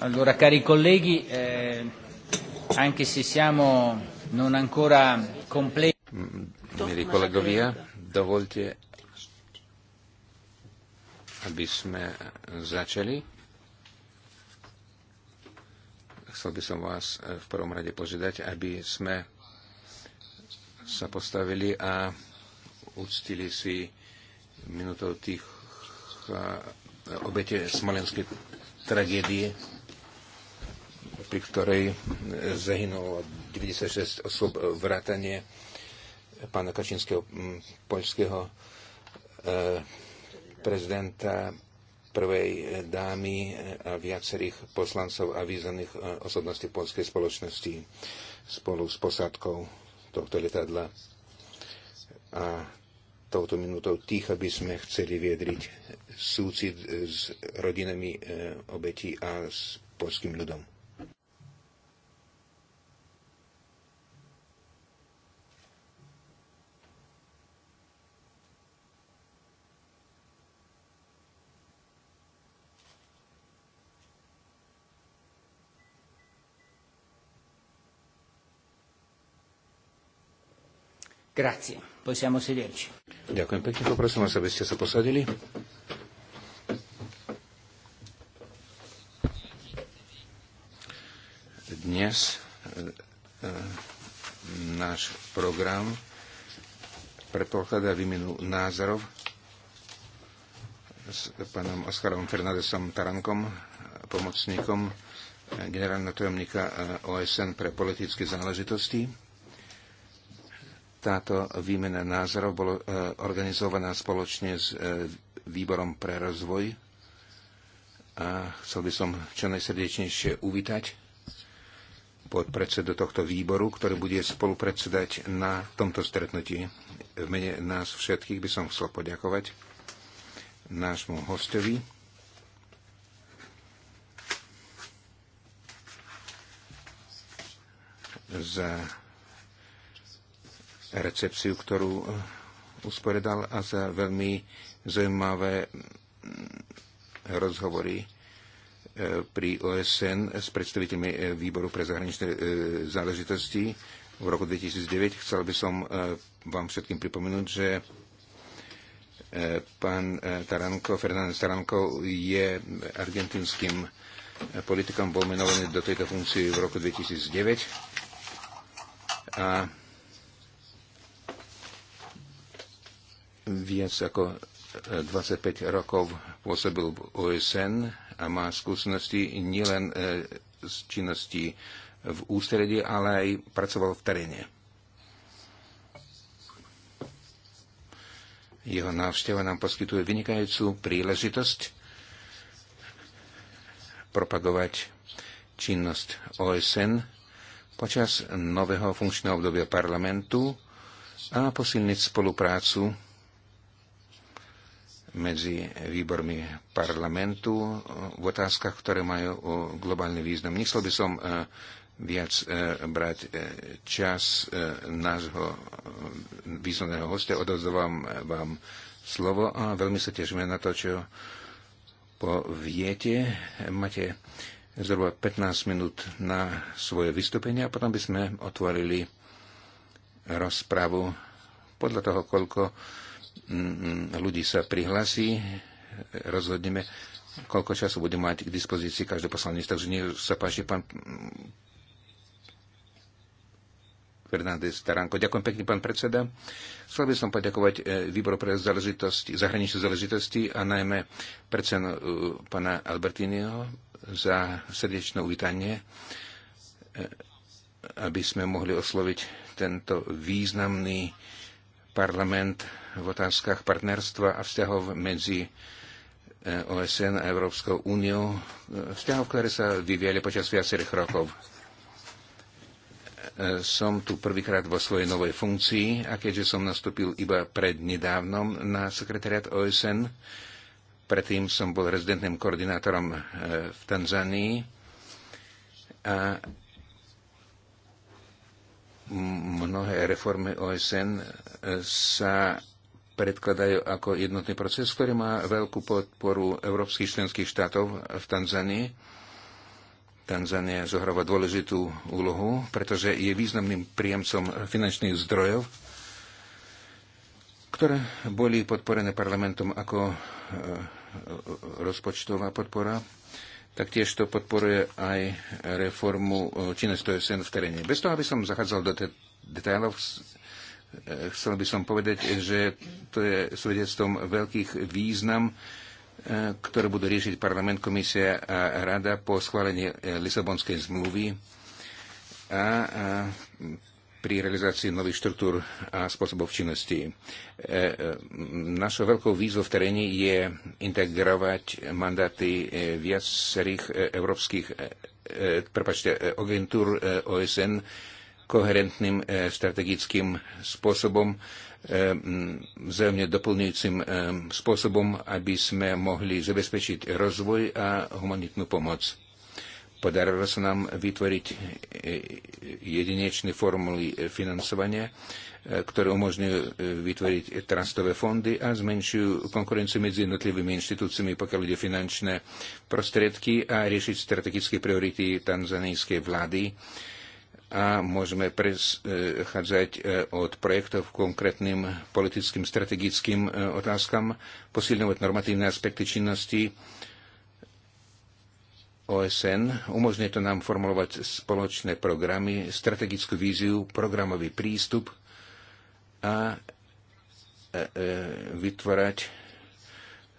Allora, cari colleghi, eh, anche se siamo non ancora completi... Mi ricollego via. dovolte, aby sme začali. Chcel by som vás eh, v prvom rade požiadať, aby sme sa postavili a uctili si minutou tých eh, obete smolenskej tragédie pri ktorej zahynulo 96 osob vrátanie pána Kačinského poľského e, prezidenta, prvej dámy a viacerých poslancov a významných e, osobností polskej spoločnosti spolu s posádkou tohto letadla. A touto minútou tých, aby sme chceli viedriť súcit s rodinami e, obetí a s polským ľudom. Grazie. Possiamo sederci. Ďakujem pekne, poprosím vás, aby ste sa posadili. Dnes e, e, náš program predpokladá výmenu názorov s pánom Oskarom Fernandesom Tarankom, pomocníkom generálneho tajomníka e, OSN pre politické záležitosti táto výmena názorov bola e, organizovaná spoločne s e, Výborom pre rozvoj a chcel by som čo najsrdečnejšie uvítať podpredsedu tohto výboru, ktorý bude spolupredsedať na tomto stretnutí. V mene nás všetkých by som chcel poďakovať nášmu hostovi. za recepciu, ktorú eh, usporedal a za veľmi zaujímavé mm, rozhovory eh, pri OSN s predstaviteľmi eh, Výboru pre zahraničné záležitosti v roku 2009. Chcel by som vám všetkým pripomenúť, že pán Taranko, Fernández Taranko je argentinským politikom, bol menovaný do tejto funkcie v roku 2009 a viac ako 25 e, rokov pôsobil v OSN a má skúsenosti nielen e, z činnosti v ústredí, ale aj pracoval v teréne. Jeho návšteva nám poskytuje vynikajúcu príležitosť propagovať činnosť OSN počas nového funkčného obdobia parlamentu a posilniť spoluprácu medzi výbormi parlamentu eh, v otázkach, ktoré majú eh, globálny význam. Nechcel by som eh, viac brať čas nášho významného hostia. Odozdávam vám slovo a veľmi sa tešíme na to, čo poviete. Máte zhruba 15 minút na svoje vystúpenie a potom by sme otvorili rozpravu podľa toho, koľko ľudí sa prihlási, rozhodneme, koľko času bude mať k dispozícii každé poslanec. Takže nie sa páči, pán Fernández Taranko. Ďakujem pekne, pán predseda. Chcel by som poďakovať e, výboru pre záležitosti, zahraničné záležitosti a najmä predsedu e, pána Albertinio za srdečné uvítanie, e, aby sme mohli osloviť tento významný parlament v otázkach partnerstva a vzťahov medzi e, OSN a Európskou úniou, e, vzťahov, ktoré sa vyvíjali počas viacerých rokov. E, som tu prvýkrát vo svojej novej funkcii a keďže som nastúpil iba pred nedávnom na sekretariat OSN, predtým som bol rezidentným koordinátorom v Tanzánii a mnohé reformy OSN eh, sa predkladajú ako jednotný proces, ktorý má veľkú podporu európskych členských štátov v Tanzánii. Tanzánia zohráva dôležitú úlohu, pretože je významným príjemcom finančných zdrojov, ktoré boli podporené parlamentom ako eh, rozpočtová podpora Taktiež to podporuje aj reformu e, činnosti OSN v teréne. Bez toho, aby som zachádzal do detailov, e, chcel by som povedať, že to je svedectvom veľkých význam, e, ktoré budú riešiť parlament, komisia a rada po schválení Lisabonskej zmluvy a pri realizácii nových štruktúr a spôsobov činnosti. E, e, našou veľkou výzvou v teréne je integrovať mandáty e, viacerých európskych prepačte, agentúr OSN koherentným strategickým spôsobom, vzájomne doplňujúcim spôsobom, aby sme mohli zabezpečiť rozvoj a humanitnú pomoc Podarilo sa nám vytvoriť e, e, jedinečné formuly e, financovania, ktoré umožňujú vytvoriť trastové fondy a zmenšujú konkurenciu medzi jednotlivými inštitúciami, pokiaľ ide finančné prostriedky a riešiť strategické priority tanzanijskej vlády a môžeme prechádzať od projektov k konkrétnym politickým strategickým otázkam, posilňovať normatívne aspekty činnosti, OSN. Umožňuje to nám formulovať spoločné programy, strategickú víziu, programový prístup a e, e, vytvárať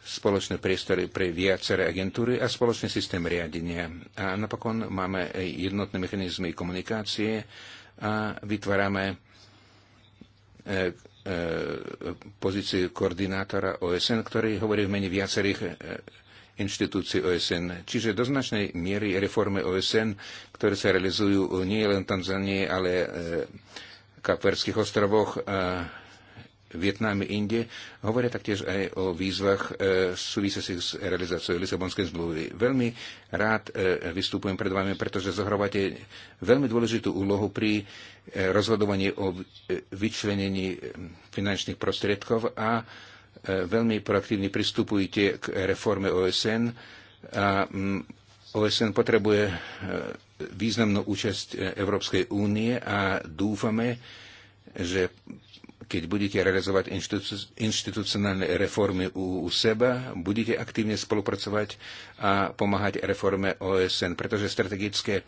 spoločné priestory pre viaceré agentúry a spoločný systém riadenia. A napokon máme aj jednotné mechanizmy komunikácie a vytvárame e, pozíciu koordinátora OSN, ktorý hovorí v mene viacerých inštitúcií OSN. Čiže do značnej miery reformy OSN, ktoré sa realizujú nie len v Tanzánii, ale v eh, Kapverských ostrovoch, eh, Vietname, Indie, hovoria taktiež aj o výzvach e, súvisiacich s realizáciou Lisabonskej zmluvy. Veľmi rád e, vystupujem pred vami, pretože zohrávate veľmi dôležitú úlohu pri e, rozhodovaní o e, vyčlenení finančných prostriedkov a e, E, veľmi proaktívne pristupujete k reforme OSN a mm, OSN potrebuje e, významnú účasť e, Európskej únie a dúfame, že keď budete realizovať inštitucionálne reformy u, seba, budete aktívne spolupracovať a pomáhať reforme OSN, pretože strategické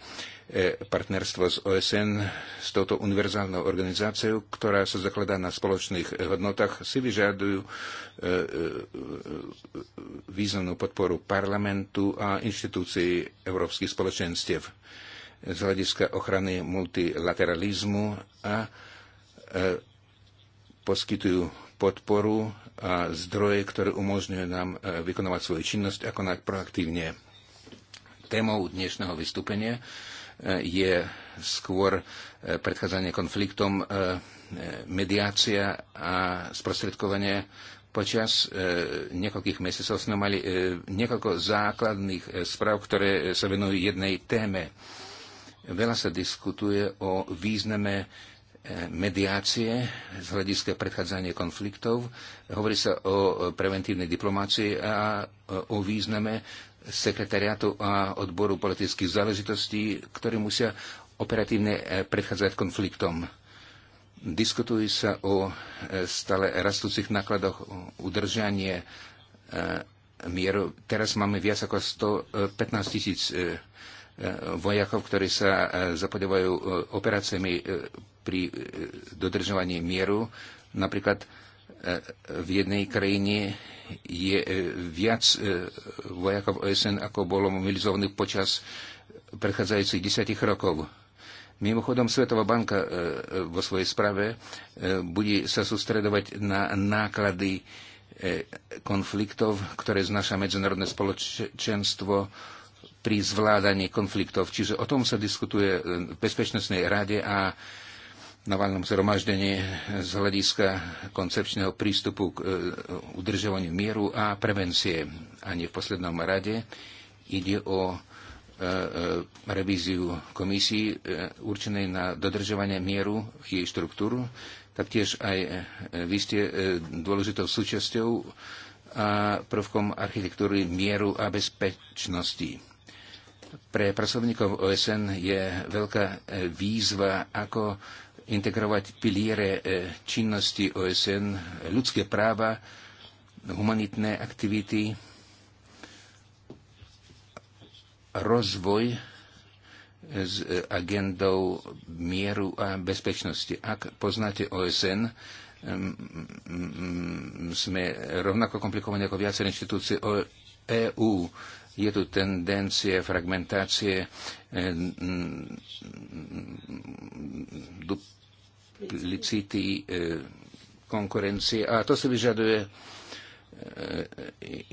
E, partnerstvo s OSN, s touto univerzálnou organizáciou, ktorá sa zakladá na spoločných hodnotách, si vyžadujú e, e, významnú podporu parlamentu a inštitúcií európskych spoločenstiev z hľadiska ochrany multilateralizmu a poskytujú podporu a zdroje, ktoré umožňujú nám vykonovať svoju činnosť ako najproaktívne. Témou dnešného vystúpenia je skôr e, predchádzanie konfliktom, e, e, mediácia a sprostredkovanie. Počas niekoľkých mesiacov sme mali niekoľko základných správ, ktoré sa venujú jednej téme. Veľa sa diskutuje o význame mediácie z hľadiska predchádzania konfliktov. Hovorí sa o preventívnej diplomácii a o význame sekretariátu a odboru politických záležitostí, ktorí musia operatívne eh, predchádzať konfliktom. Diskutuje sa o eh, stále rastúcich nákladoch udržanie eh, mieru. Teraz máme viac ako 115 tisíc vojakov, ktorí sa zapodevajú operáciami pri dodržovaní mieru. Napríklad v jednej krajine je e, viac e, vojakov OSN, ako bolo mobilizovaných počas prechádzajúcich desiatich rokov. Mimochodom, Svetová banka e, vo svojej sprave bude sa sústredovať na náklady konfliktov, ktoré znaša medzinárodné spoločenstvo pri zvládaní konfliktov. Čiže o tom sa diskutuje v Bezpečnostnej rade a na valnom zhromaždení z hľadiska koncepčného prístupu k e, udržovaniu mieru a prevencie. Ani v poslednom rade ide o e, e, revíziu komisii určenej na dodržovanie mieru, jej štruktúru. Taktiež aj vy ste dôležitou súčasťou a prvkom architektúry mieru a bezpečnosti. Pre pracovníkov OSN je veľká výzva, ako integrovať piliere činnosti OSN, ľudské práva, humanitné aktivity, rozvoj s agendou mieru a bezpečnosti. Ak poznáte OSN, sme rovnako komplikovaní ako viaceré inštitúcie EÚ. Je tu tendencie fragmentácie, licity e, konkurencie a to si vyžaduje e,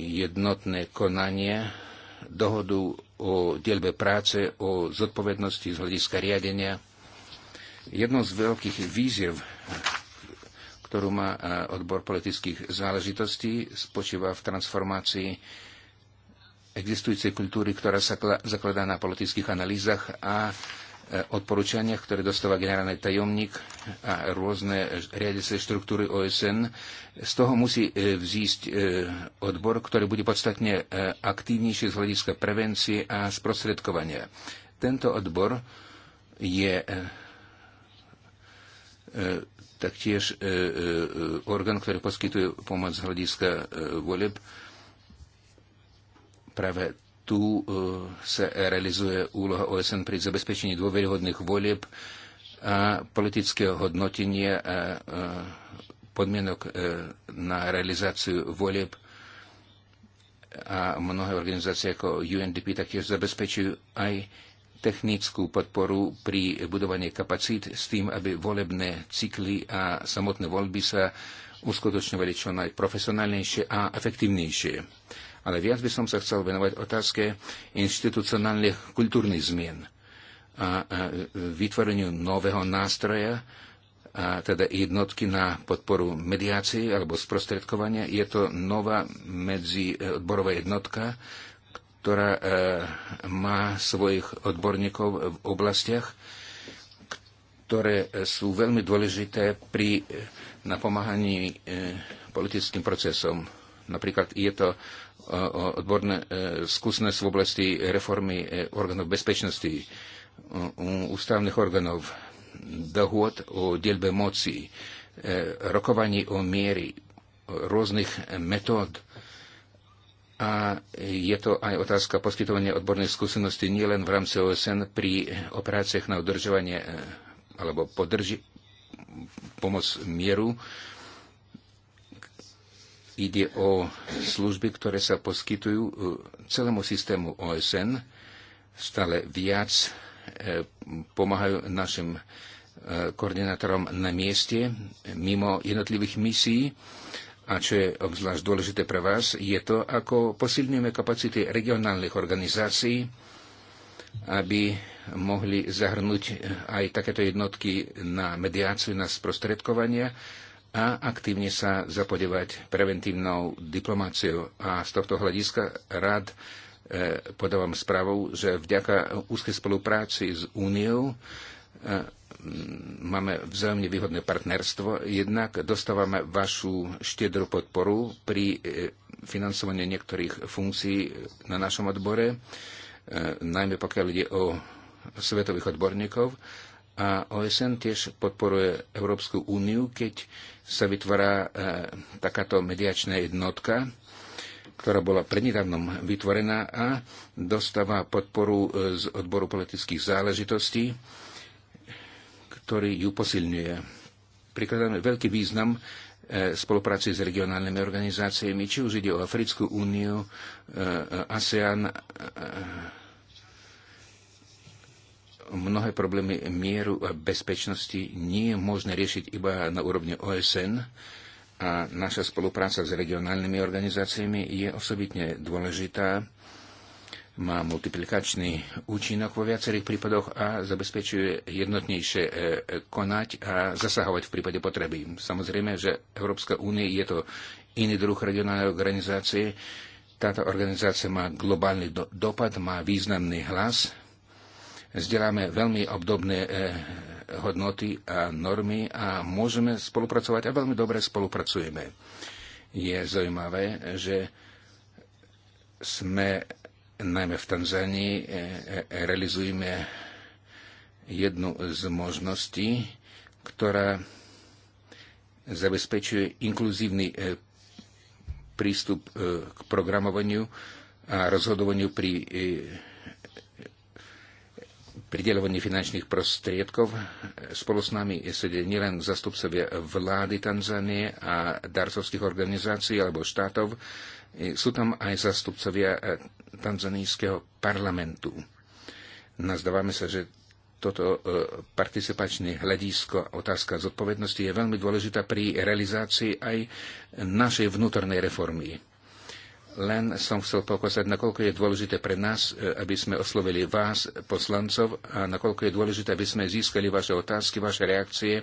jednotné konanie, dohodu o dielbe práce, o zodpovednosti z hľadiska riadenia. Jednou z veľkých výziev, ktorú má e, odbor politických záležitostí, spočíva v transformácii existujúcej kultúry, ktorá sa zakladá na politických analýzach a Eh, odporúčaniach, ktoré dostáva generálny tajomník a rôzne riadiace štruktúry OSN. Z toho musí eh, vzísť eh, odbor, ktorý bude podstatne aktívnejší z hľadiska prevencie a sprostredkovania. Tento odbor je taktiež orgán, ktorý poskytuje pomoc z hľadiska voleb. Práve tu e, sa realizuje úloha OSN pri zabezpečení dôveryhodných volieb a politické hodnotenia a e, e, podmienok na realizáciu volieb a mnohé organizácie ako UNDP taktiež zabezpečujú aj technickú podporu pri budovaní kapacít s tým, aby volebné cykly a samotné voľby sa uskutočňovali čo najprofesionálnejšie a efektívnejšie. Ale viac by som sa chcel venovať otázke institucionálnych kultúrnych zmien a vytvoreniu nového nástroja, a teda jednotky na podporu mediácie alebo sprostredkovania. Je to nová medziodborová jednotka, ktorá e, má svojich odborníkov v oblastiach, ktoré sú veľmi dôležité pri napomáhaní e, politickým procesom. Napríklad je to Eh, odborné eh, skúsenosti v oblasti reformy eh, orgánov bezpečnosti, ústavných orgánov, dohôd o delbe moci, rokovaní o miery, rôznych metód. A je to aj otázka poskytovania odborných skúseností nielen v rámci OSN pri operáciách na udržovanie alebo podrži, pomoc mieru, Ide o služby, ktoré sa poskytujú e, celému systému OSN. Stále viac e, pomáhajú našim e, koordinátorom na mieste, mimo jednotlivých misií. A čo je obzvlášť dôležité pre vás, je to, ako posilňujeme kapacity regionálnych organizácií, aby mohli zahrnúť aj takéto jednotky na mediáciu, na sprostredkovania a aktívne sa zapodevať preventívnou diplomáciou. A z tohto hľadiska rád e, podávam správu, že vďaka úzkej spolupráci s Úniou e, máme vzájomne výhodné partnerstvo, jednak dostávame vašu štiedru podporu pri e, financovaní niektorých funkcií na našom odbore, najmä pokiaľ ide o svetových odborníkov a OSN tiež podporuje Európsku úniu, keď sa vytvára e, takáto mediačná jednotka, ktorá bola prednedávnom vytvorená a dostáva podporu e, z odboru politických záležitostí, ktorý ju posilňuje. Prikladáme veľký význam e, spolupráci s regionálnymi organizáciami, či už ide o Africkú úniu, ASEAN, mnohé problémy mieru a bezpečnosti nie je možné riešiť iba na úrovni OSN a naša spolupráca s regionálnymi organizáciami je osobitne dôležitá, má multiplikačný účinok vo viacerých prípadoch a zabezpečuje jednotnejšie e, konať a zasahovať v prípade potreby. Samozrejme, že Európska únie je to iný druh regionálnej organizácie. Táto organizácia má globálny do- dopad, má významný hlas zdieľame veľmi obdobné e, hodnoty a normy a môžeme spolupracovať a veľmi dobre spolupracujeme. Je zaujímavé, že sme najmä v Tanzánii e, e, realizujeme jednu z možností, ktorá zabezpečuje inkluzívny prístup k programovaniu a rozhodovaniu pri prideľovaní finančných prostriedkov. Spolu s nami sedia nielen zastupcovia vlády Tanzánie a darcovských organizácií alebo štátov, sú tam aj zastupcovia e, tanzanijského parlamentu. Nazdávame sa, že toto e, participačné hľadisko, otázka zodpovednosti je veľmi dôležitá pri realizácii aj našej vnútornej reformy. Len som chcel poukázať, nakoľko je dôležité pre nás, e, aby sme oslovili vás, poslancov, a nakoľko je dôležité, aby sme získali vaše otázky, vaše reakcie, e,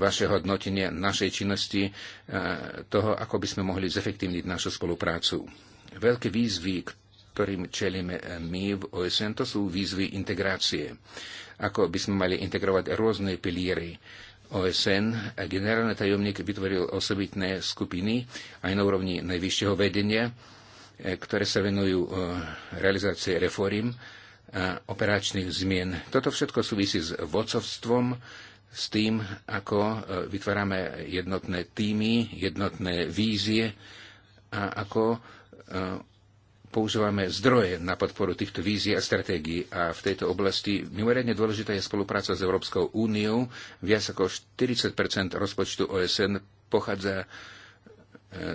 vaše hodnotenie našej činnosti, e, toho, ako by sme mohli zefektívniť našu spoluprácu. Veľké výzvy, ktorým čelíme my v OSN, to sú výzvy integrácie. Ako by sme mali integrovať rôzne piliery OSN a generálny tajomník vytvoril osobitné skupiny aj na úrovni najvyššieho vedenia, e, ktoré sa venujú e, realizácii reform a operačných zmien. Toto všetko súvisí s vodcovstvom, s tým, ako e, vytvárame jednotné týmy, jednotné vízie a ako používame zdroje na podporu týchto vízií a stratégií a v tejto oblasti mimoriadne dôležitá je spolupráca s Európskou úniou. Viac ako 40 rozpočtu OSN pochádza e,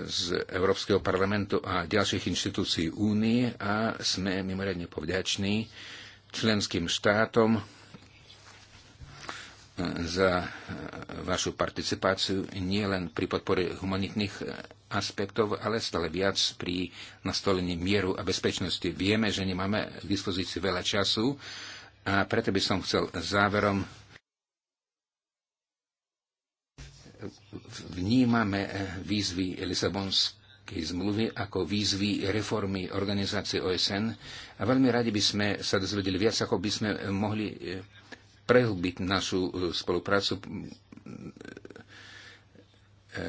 z Európskeho parlamentu a ďalších inštitúcií únie a sme mimoriadne povďační členským štátom, za e, vašu participáciu nielen pri podpore humanitných e, aspektov, ale stále viac pri nastolení mieru a bezpečnosti. Vieme, že nemáme k dispozícii veľa času a preto by som chcel záverom vnímame e, výzvy Lisabonskej zmluvy ako výzvy reformy organizácie OSN a veľmi radi by sme sa dozvedeli viac, ako by sme mohli prehlbiť našu e, spoluprácu e, e,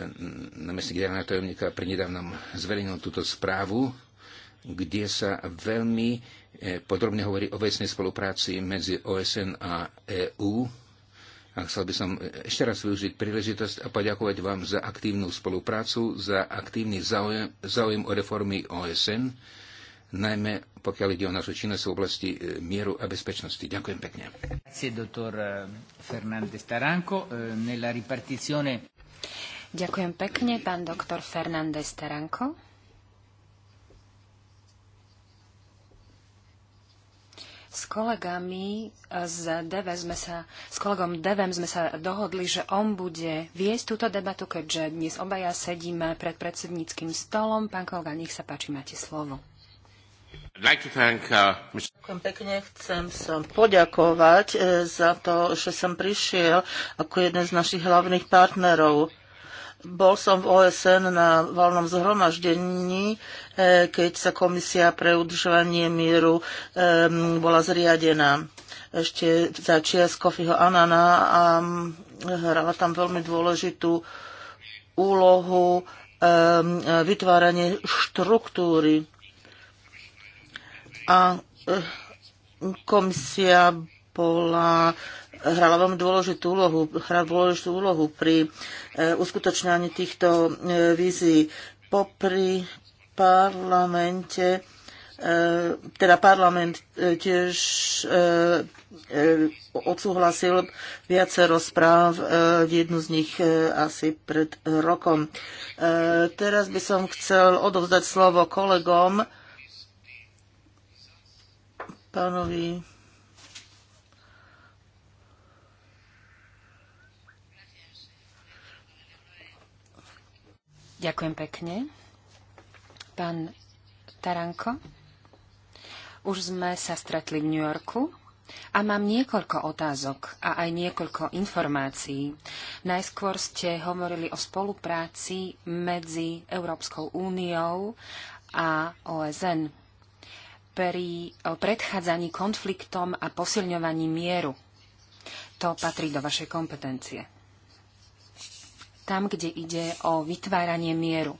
namestník generálneho tajomníka pri nedávnom zverejnil túto správu, kde sa veľmi podrobne hovorí o vecnej spolupráci medzi OSN a EÚ. A chcel by som ešte raz využiť príležitosť a poďakovať vám za aktívnu spoluprácu, za aktívny záujem, záujem o reformy OSN najmä pokiaľ ide o našu činnosť v oblasti e, mieru a bezpečnosti. Ďakujem pekne. E, e, Ďakujem pekne, pán doktor Fernández Taranko. S kolegami z DV sme sa, s kolegom Devem sme sa dohodli, že on bude viesť túto debatu, keďže dnes obaja sedíme pred predsedníckým stolom. Pán kolega, nech sa páči, máte slovo. Uh, Ďakujem pekne, chcem sa poďakovať e, za to, že som prišiel ako jeden z našich hlavných partnerov. Bol som v OSN na voľnom zhromaždení, e, keď sa komisia pre udržovanie míru bola zriadená ešte za čias Kofiho Anana a hrala tam veľmi dôležitú úlohu vytváranie štruktúry a eh, komisia bola hrala veľmi dôležitú úlohu, hrala dôležitú úlohu pri eh, uskutočňovaní týchto eh, vízií. Popri parlamente, teda parlament tiež odsúhlasil viacero správ, jednu z nich asi pred rokom. Teraz by som chcel odovzdať slovo kolegom, pánovi Ďakujem pekne. Pán Taranko, už sme sa stretli v New Yorku a mám niekoľko otázok a aj niekoľko informácií. Najskôr ste hovorili o spolupráci medzi Európskou úniou a OSN pri predchádzaní konfliktom a posilňovaní mieru. To patrí do vašej kompetencie. Tam, kde ide o vytváranie mieru.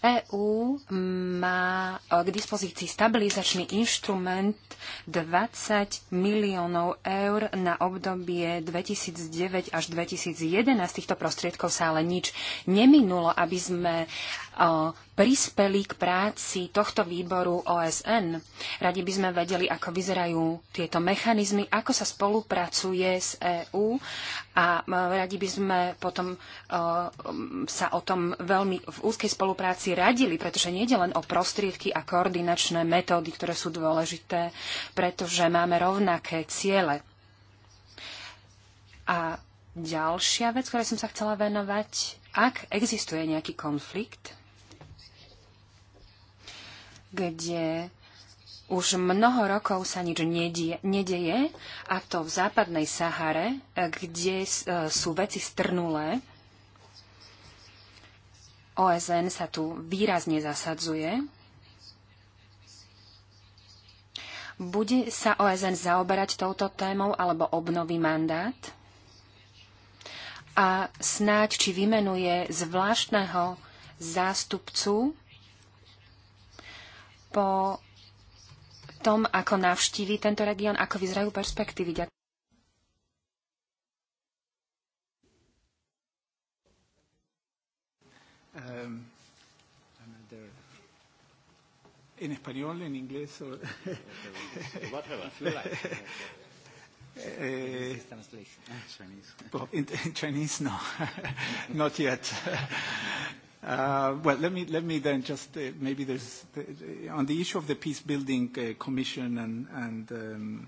EÚ má k dispozícii stabilizačný inštrument 20 miliónov eur na obdobie 2009 až 2011. Z týchto prostriedkov sa ale nič neminulo, aby sme prispeli k práci tohto výboru OSN. Radi by sme vedeli, ako vyzerajú tieto mechanizmy, ako sa spolupracuje s EÚ a radi by sme potom uh, sa o tom veľmi v úzkej spolupráci radili, pretože nie je len o prostriedky a koordinačné metódy, ktoré sú dôležité, pretože máme rovnaké ciele. A ďalšia vec, ktorej som sa chcela venovať, ak existuje nejaký konflikt, kde už mnoho rokov sa nič nedie, a to v západnej Sahare, kde e, sú veci strnulé. OSN sa tu výrazne zasadzuje. Bude sa OSN zaoberať touto témou alebo obnoví mandát? A snáď, či vymenuje zvláštneho zástupcu po tom, ako navštívi tento región, ako vyzerajú perspektívy. Ďakujem. Um, en español, en inglés. O... Whatever, Eh, in, in Chinese, no, not yet. Uh, well, let me, let me then just uh, maybe there's on the issue of the Peace Building uh, Commission and, and, um,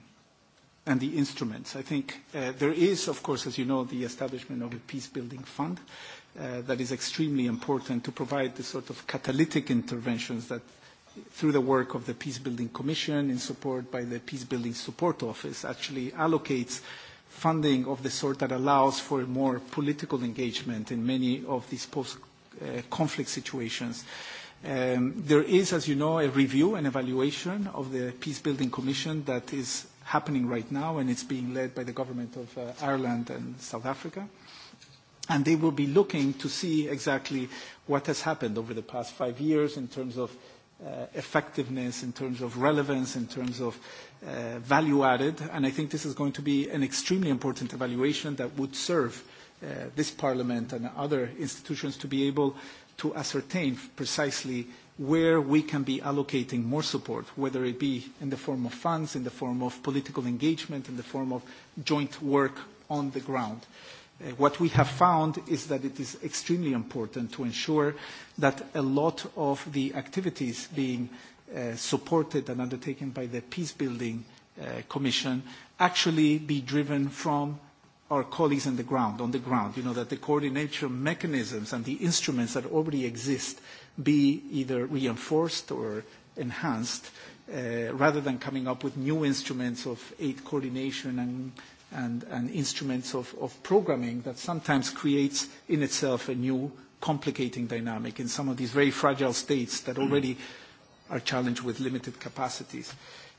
and the instruments. I think uh, there is, of course, as you know, the establishment of a Peace Building Fund uh, that is extremely important to provide the sort of catalytic interventions that through the work of the Peace Building Commission in support by the Peace Building Support Office actually allocates funding of the sort that allows for more political engagement in many of these post Uh, conflict situations. Um, there is, as you know, a review and evaluation of the Peace Building Commission that is happening right now, and it's being led by the government of uh, Ireland and South Africa. And they will be looking to see exactly what has happened over the past five years in terms of uh, effectiveness, in terms of relevance, in terms of uh, value added. And I think this is going to be an extremely important evaluation that would serve uh, Uh, this parliament and other institutions to be able to ascertain precisely where we can be allocating more support, whether it be in the form of funds, in the form of political engagement, in the form of joint work on the ground. Uh, what we have found is that it is extremely important to ensure that a lot of the activities being uh, supported and undertaken by the Peace Building uh, Commission actually be driven from our colleagues on the ground, on the ground, you know, that the coordination mechanisms and the instruments that already exist be either reinforced or enhanced, uh, rather than coming up with new instruments of aid coordination and, and, and instruments of, of programming that sometimes creates in itself a new complicating dynamic in some of these very fragile states that already are challenged with limited capacities. Uh,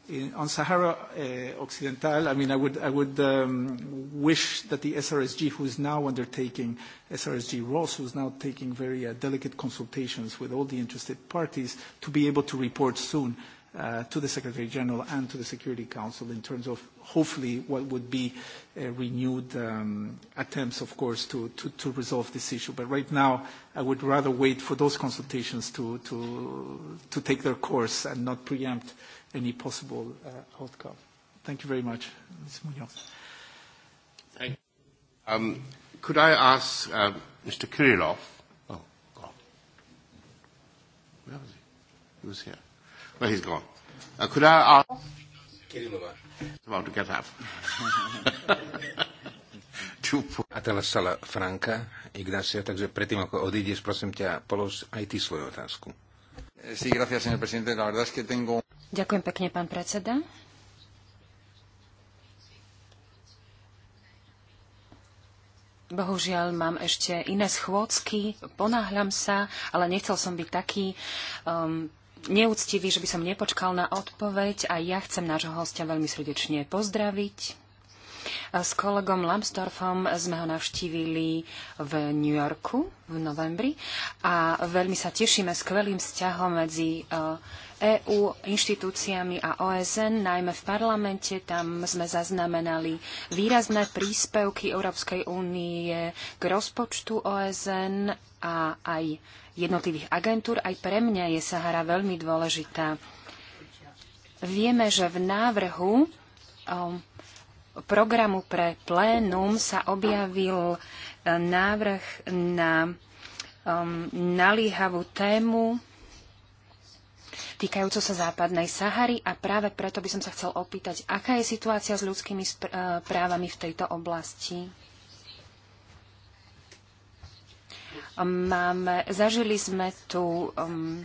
In, on Sahara uh, Occidental, I mean, I would, I would um, wish that the SRSG, who is now undertaking, SRSG Ross, who is now taking very uh, delicate consultations with all the interested parties, to be able to report soon uh, to the Secretary General and to the Security Council in terms of hopefully what would be uh, renewed um, attempts, of course, to, to, to resolve this issue. But right now, I would rather wait for those consultations to, to, to take their course and not preempt any possible uh, outcome. Thank you very much, Ms. Munoz. Thank you. Um, could I ask uh, Mr. Kirillov? Oh, God. Where was he? He was here. Well, he's gone. Uh, could I ask Kirillova? About to get up. A teraz sala Franka, Ignacio, takže predtým, ako odídeš, prosím ťa, polož aj ty svoju otázku. Eh, sí, gracias, señor presidente. La verdad es que tengo... Ďakujem pekne, pán predseda. Bohužiaľ, mám ešte iné schôdzky, ponáhľam sa, ale nechcel som byť taký um, neúctivý, že by som nepočkal na odpoveď a ja chcem nášho hostia veľmi srdečne pozdraviť. S kolegom Lambsdorfom sme ho navštívili v New Yorku v novembri a veľmi sa tešíme skvelým vzťahom medzi EÚ eh, e inštitúciami a OSN, najmä v parlamente. Tam sme zaznamenali výrazné príspevky Európskej únie k rozpočtu OSN a aj jednotlivých agentúr. Aj pre mňa je Sahara veľmi dôležitá. Vieme, že v návrhu eh, programu pre plénum sa objavil e, návrh na um, nalíhavú tému týkajúco sa západnej Sahary a práve preto by som sa chcel opýtať, aká je situácia s ľudskými e, právami v tejto oblasti? Máme, zažili sme tu um,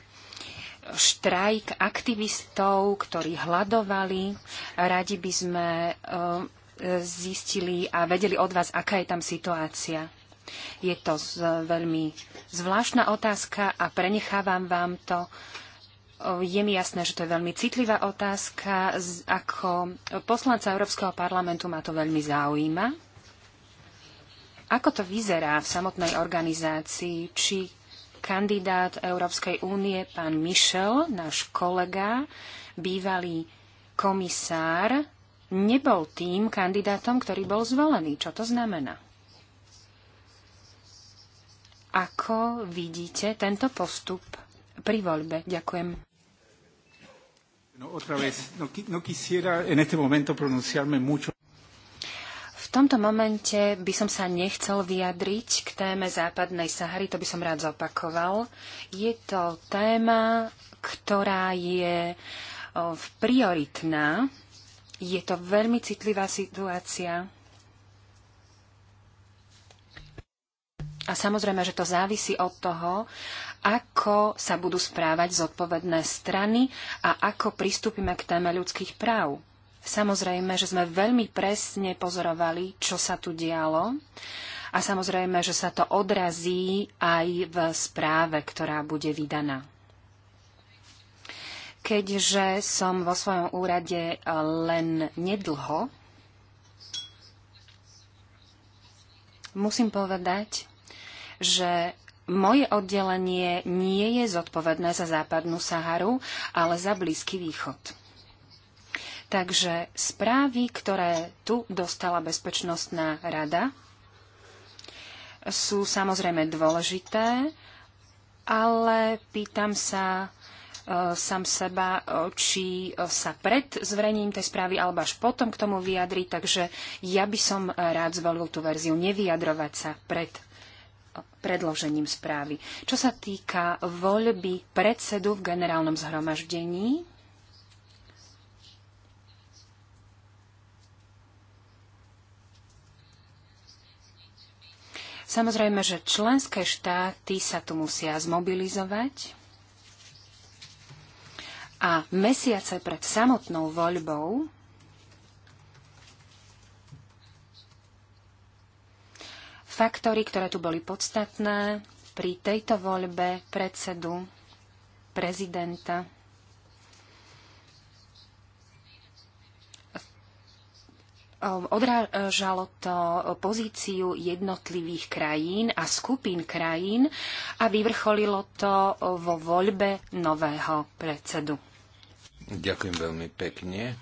štrajk aktivistov, ktorí hľadovali. Radi by sme um, zistili a vedeli od vás, aká je tam situácia. Je to veľmi zvláštna otázka a prenechávam vám to. Je mi jasné, že to je veľmi citlivá otázka. Ako poslanca Európskeho parlamentu ma to veľmi zaujíma. Ako to vyzerá v samotnej organizácii? Či kandidát Európskej únie, pán Michel, náš kolega, bývalý komisár nebol tým kandidátom, ktorý bol zvolený. Čo to znamená? Ako vidíte tento postup pri voľbe? Ďakujem. No, no no v tomto momente by som sa nechcel vyjadriť k téme západnej Sahary, to by som rád zopakoval. Je to téma, ktorá je prioritná je to veľmi citlivá situácia. A samozrejme, že to závisí od toho, ako sa budú správať zodpovedné strany a ako pristúpime k téme ľudských práv. Samozrejme, že sme veľmi presne pozorovali, čo sa tu dialo a samozrejme, že sa to odrazí aj v správe, ktorá bude vydaná. Keďže som vo svojom úrade eh, len nedlho, musím povedať, že moje oddelenie nie je zodpovedné za západnú Saharu, ale za Blízky východ. Takže správy, ktoré tu dostala Bezpečnostná rada, sú samozrejme dôležité, ale pýtam sa, E, sám seba, e, či e, sa pred zverejnením tej správy alebo až potom k tomu vyjadri, takže ja by som rád zvolil tú verziu nevyjadrovať sa pred predložením správy. Čo sa týka voľby predsedu v generálnom zhromaždení, Samozrejme, že členské štáty sa tu musia zmobilizovať a mesiace pred samotnou voľbou faktory, ktoré tu boli podstatné pri tejto voľbe predsedu, prezidenta. Odrážalo to pozíciu jednotlivých krajín a skupín krajín a vyvrcholilo to vo voľbe nového predsedu. Ďakujem veľmi pekne e,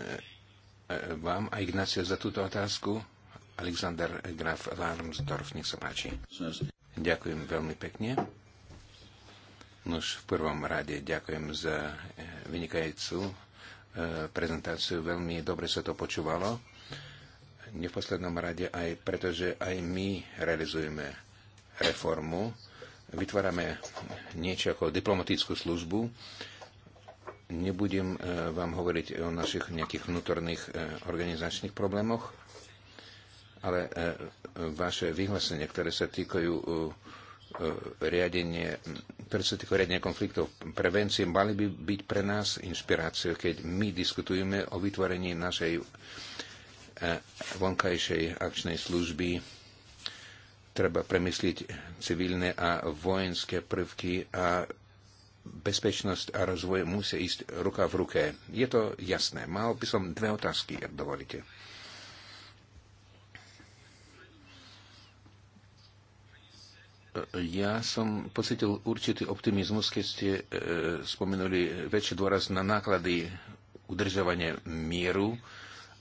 e, vám a Ignácio za túto otázku. Alexander Graf Larmsdorf, nech sa páči. Ďakujem veľmi pekne. Nož v prvom rade ďakujem za e, vynikajúcu prezentáciu. Veľmi dobre sa to počúvalo. Ne v poslednom rade aj preto, že aj my realizujeme reformu. Vytvárame niečo ako diplomatickú službu Nebudem e, vám hovoriť o našich nejakých vnútorných e, organizačných problémoch, ale e, vaše vyhlasenie, ktoré sa týkajú riadenie, ktoré sa týkajú riadenia konfliktov, prevencie, mali by byť pre nás inšpiráciou, keď my diskutujeme o vytvorení našej vonkajšej akčnej služby. Treba premyslieť civilné a vojenské prvky a bezpečnosť a rozvoj musia ísť ruka v ruke. Je to jasné. Mal by som dve otázky, ak dovolíte. Ja som pocitil určitý optimizmus, keď ste e, spomenuli väčší dôraz na náklady udržovania mieru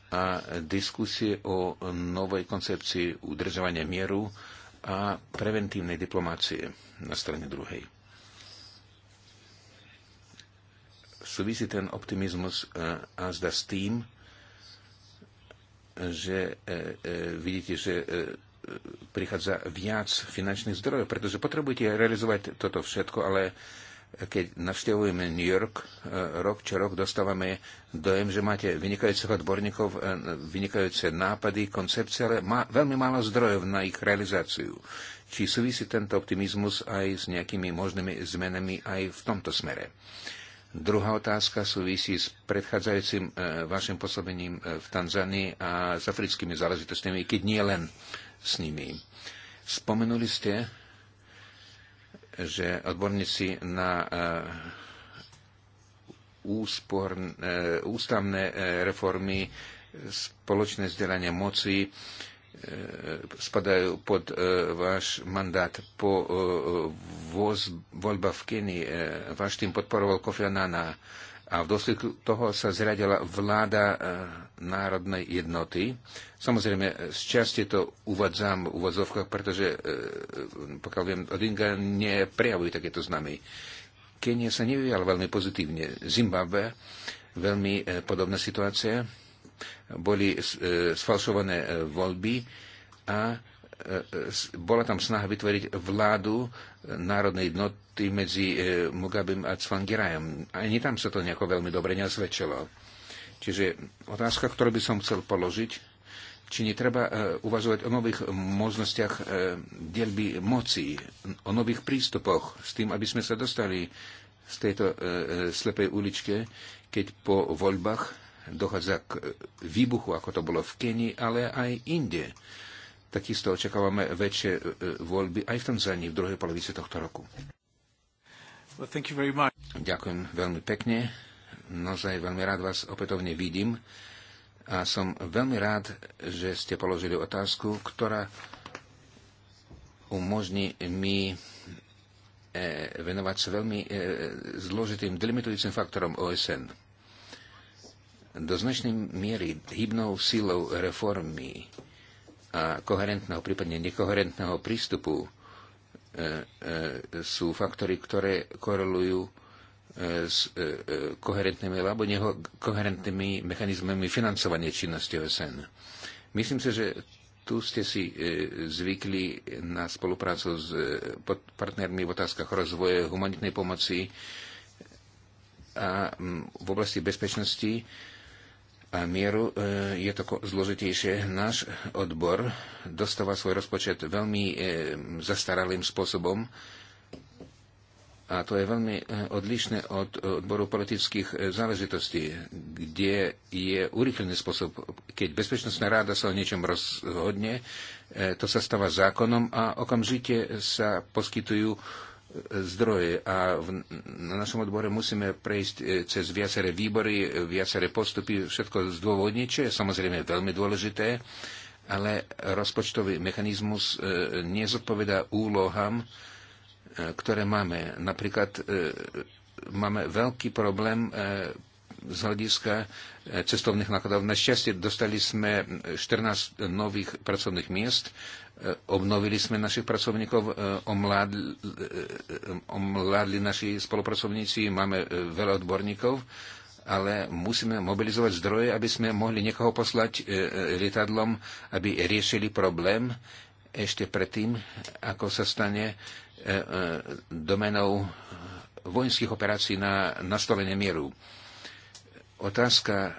a diskusie o novej koncepcii udržovania mieru a preventívnej diplomácie na strane druhej. súvisí ten optimizmus e, a zda s tým, že e, e, vidíte, že prichádza viac finančných zdrojov, pretože potrebujete realizovať toto všetko, ale keď navštevujeme New York rok čo rok, dostávame dojem, že máte vynikajúcich odborníkov, vynikajúce nápady, koncepcie, ale má veľmi málo zdrojov na ich realizáciu. Či súvisí tento optimizmus aj s nejakými možnými zmenami aj v tomto smere? Druhá otázka súvisí s predchádzajúcim e, vašim pôsobením e, v Tanzánii a s africkými záležitostiami, i keď nie len s nimi. Spomenuli ste, že odborníci na e, úspor, ústavné reformy, spoločné vzdelanie moci, spadajú pod e, váš mandát po e, voľba v Kenii. E, váš tým podporoval Kofi Anana a v dôsledku toho sa zradila vláda národnej jednoty. Samozrejme, z časti to uvádzam v uvozovkách, pretože, pokiaľ viem, Odinga neprejavuje takéto znamy. Kenia sa nevyvíjala veľmi pozitívne. Zimbabwe, veľmi podobná situácia boli e, sfalšované e, voľby a e, bola tam snaha vytvoriť vládu národnej jednoty medzi Mugabem a Cvangirajom. Ani tam sa to nejako veľmi dobre nezvedčilo. Čiže otázka, ktorú by som chcel položiť, či netreba uvažovať o nových možnostiach delby moci, o nových prístupoch s tým, aby sme sa dostali z tejto slepej uličke, keď po voľbách dochádza k výbuchu, ako to bolo v Kenii, ale aj inde. Takisto očakávame väčšie e, e, voľby aj v Tanzánii v druhej polovici tohto roku. Well, thank you very much. Ďakujem veľmi pekne. Naozaj veľmi rád vás opätovne vidím. A som veľmi rád, že ste položili otázku, ktorá umožní mi e, venovať sa veľmi zložitým delimitujúcim faktorom OSN do značnej miery hybnou sílou reformy a koherentného, prípadne nekoherentného prístupu e, e, sú faktory, ktoré korelujú e, s koherentnými alebo nekoherentnými mechanizmami financovania činnosti OSN. Myslím si, že tu ste si zvykli na spoluprácu s partnermi v otázkach rozvoje, humanitnej pomoci a v oblasti bezpečnosti a mieru e, je to zložitejšie. Náš odbor dostáva svoj rozpočet veľmi e, zastaralým spôsobom a to je veľmi e, odlišné od odboru politických záležitostí, kde je urychlený spôsob. Keď Bezpečnostná ráda sa o niečom rozhodne, to sa stáva zákonom a okamžite sa poskytujú zdroje a v, na našom odbore musíme prejsť e, cez viaceré výbory, e, viaceré postupy, všetko zdôvodniť, čo je samozrejme veľmi dôležité, ale rozpočtový mechanizmus e, nezodpoveda úlohám, ktoré máme. Napríklad máme veľký problém z hľadiska cestovných nákladov. Našťastie dostali sme 14 nových pracovných miest Eh, obnovili sme našich pracovníkov, eh, omládli, eh, omládli naši spolupracovníci, máme veľa odborníkov, ale musíme mobilizovať zdroje, aby sme mohli niekoho poslať lietadlom, aby riešili problém ešte predtým, ako sa stane domenou vojenských operácií na nastolenie mieru. Otázka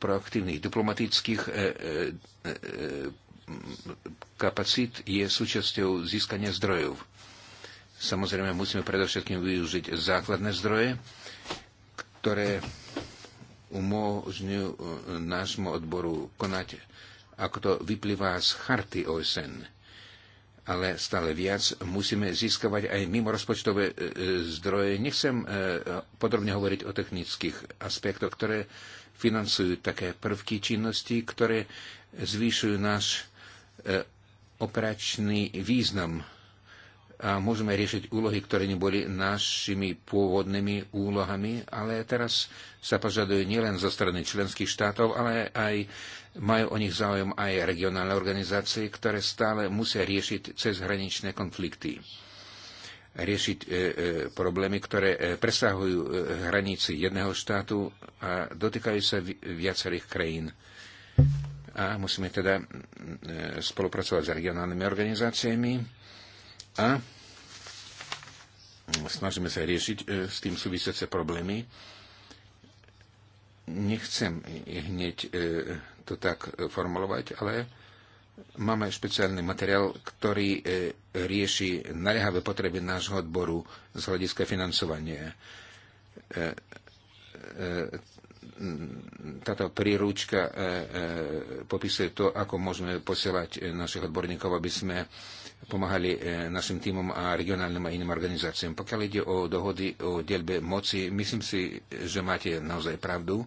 proaktívnych diplomatických kapacít je súčasťou získania zdrojov. Samozrejme, musíme predovšetkým využiť základné zdroje, ktoré umožňujú e, nášmu odboru konať, ako to vyplýva z charty OSN. Ale stále viac musíme získavať aj mimo rozpočtové e, e, zdroje. Nechcem podrobne hovoriť o technických aspektoch, ktoré financujú také prvky činnosti, ktoré zvýšujú náš E, operačný význam a môžeme riešiť úlohy, ktoré neboli našimi pôvodnými úlohami, ale teraz sa požadujú nielen zo strany členských štátov, ale aj majú o nich záujem aj regionálne organizácie, ktoré stále musia riešiť cezhraničné konflikty riešiť e, e, problémy, ktoré e, presahujú e, hranici jedného štátu a dotýkajú sa viacerých krajín a musíme teda mm, mm, spolupracovať s regionálnymi organizáciami a snažíme sa riešiť e, s tým súvisiace problémy. Nechcem hneď e, to tak formulovať, ale máme špeciálny materiál, ktorý e, rieši naliehavé potreby nášho odboru z hľadiska financovania táto príručka e, e, popisuje to, ako môžeme posielať e, našich odborníkov, aby sme pomáhali našim týmom a regionálnym a iným organizáciám. Pokiaľ ide o dohody o delbe moci, myslím si, že máte naozaj pravdu.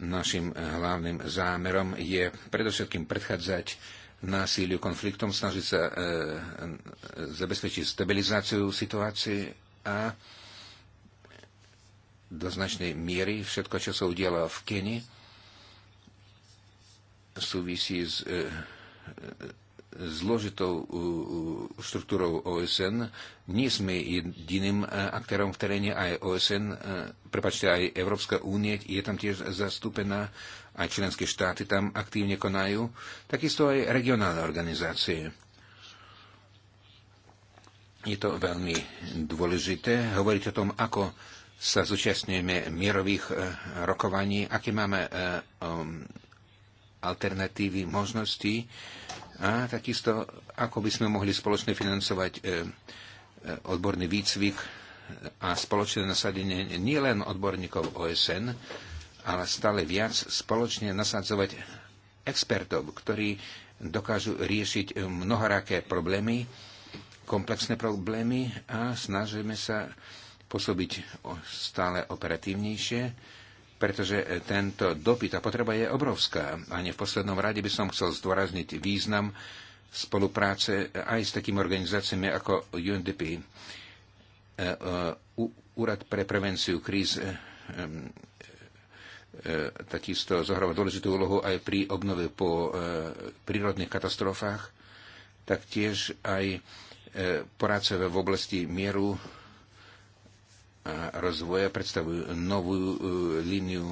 Našim hlavným zámerom je predovšetkým predchádzať násiliu, konfliktom, snažiť sa e, zabezpečiť stabilizáciu situácie a do značnej miery všetko, čo sa udiela v Keni, súvisí s e, e, zložitou štruktúrou OSN. Nie sme jediným e, aktérom v teréne, aj OSN, prepačte, aj Európska únie je tam tiež zastúpená, aj členské štáty tam aktívne konajú, takisto aj regionálne organizácie. Je to veľmi dôležité hovoriť o tom, ako sa zúčastňujeme mierových e, rokovaní, aké máme e, um, alternatívy, možnosti a takisto, ako by sme mohli spoločne financovať e, odborný výcvik a spoločné nasadenie nielen odborníkov OSN, ale stále viac spoločne nasadzovať expertov, ktorí dokážu riešiť mnohoraké problémy, komplexné problémy a snažíme sa pôsobiť stále operatívnejšie, pretože e, tento dopyt a potreba je obrovská. A ne v poslednom rade by som chcel zdôrazniť význam spolupráce e, aj s takými organizáciami ako UNDP, e, Úrad pre prevenciu kríz takisto zohráva dôležitú úlohu aj pri obnove po prírodných katastrofách, taktiež aj poradcové v oblasti mieru rozvoja predstavujú novú e, líniu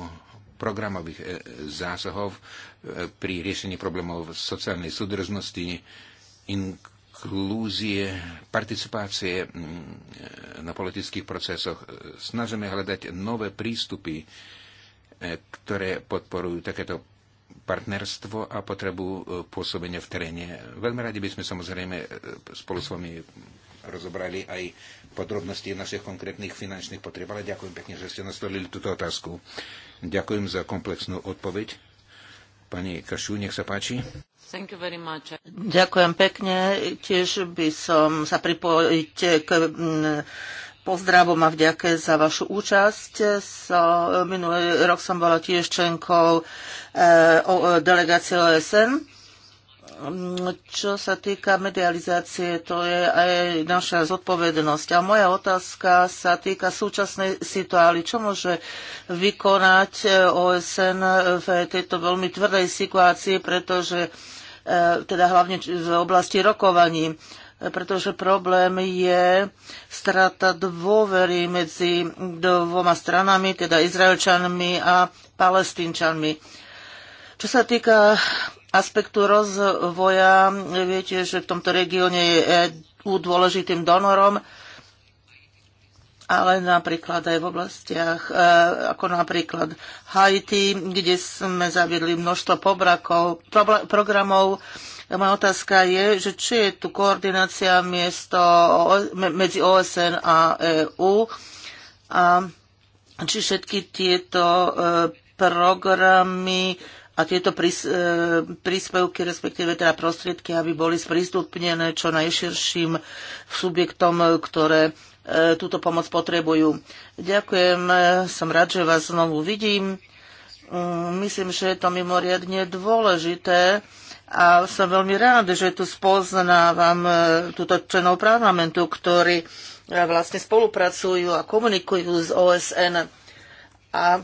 programových e, zásahov e, pri riešení problémov sociálnej súdržnosti, inklúzie, participácie na politických procesoch. Snažíme hľadať nové prístupy, ktoré podporujú takéto partnerstvo a potrebu pôsobenia v teréne. Veľmi radi by sme samozrejme spolu s vami rozobrali aj podrobnosti našich konkrétnych finančných potrieb. Ale ďakujem pekne, že ste nastolili túto otázku. Ďakujem za komplexnú odpoveď. Pani Kašu, nech sa páči. Ďakujem pekne. Tiež by som sa pripojiť k pozdravom a vďake za vašu účasť. So, minulý rok som bola tiež členkou e, o, delegácie OSN čo sa týka medializácie, to je aj naša zodpovednosť. A moja otázka sa týka súčasnej situály. Čo môže vykonať e, OSN v tejto veľmi tvrdej situácii, pretože e, teda hlavne v oblasti rokovaní e, pretože problém je strata dôvery medzi dvoma stranami, teda Izraelčanmi a Palestínčanmi. Čo sa týka aspektu rozvoja. Viete, že v tomto regióne je EU dôležitým donorom, ale napríklad aj v oblastiach, e, ako napríklad Haiti, kde sme zaviedli množstvo pobrakov, programov. Moja otázka je, že či je tu koordinácia miesto medzi OSN a EU a či všetky tieto e, programy a tieto e, príspevky, respektíve teda prostriedky, aby boli sprístupnené čo najširším subjektom, ktoré e, túto pomoc potrebujú. Ďakujem, e, som rád, že vás znovu vidím. Mm, myslím, že je to mimoriadne dôležité a som veľmi rád, že tu spoznávam túto členov parlamentu, ktorí vlastne spolupracujú a komunikujú s OSN. A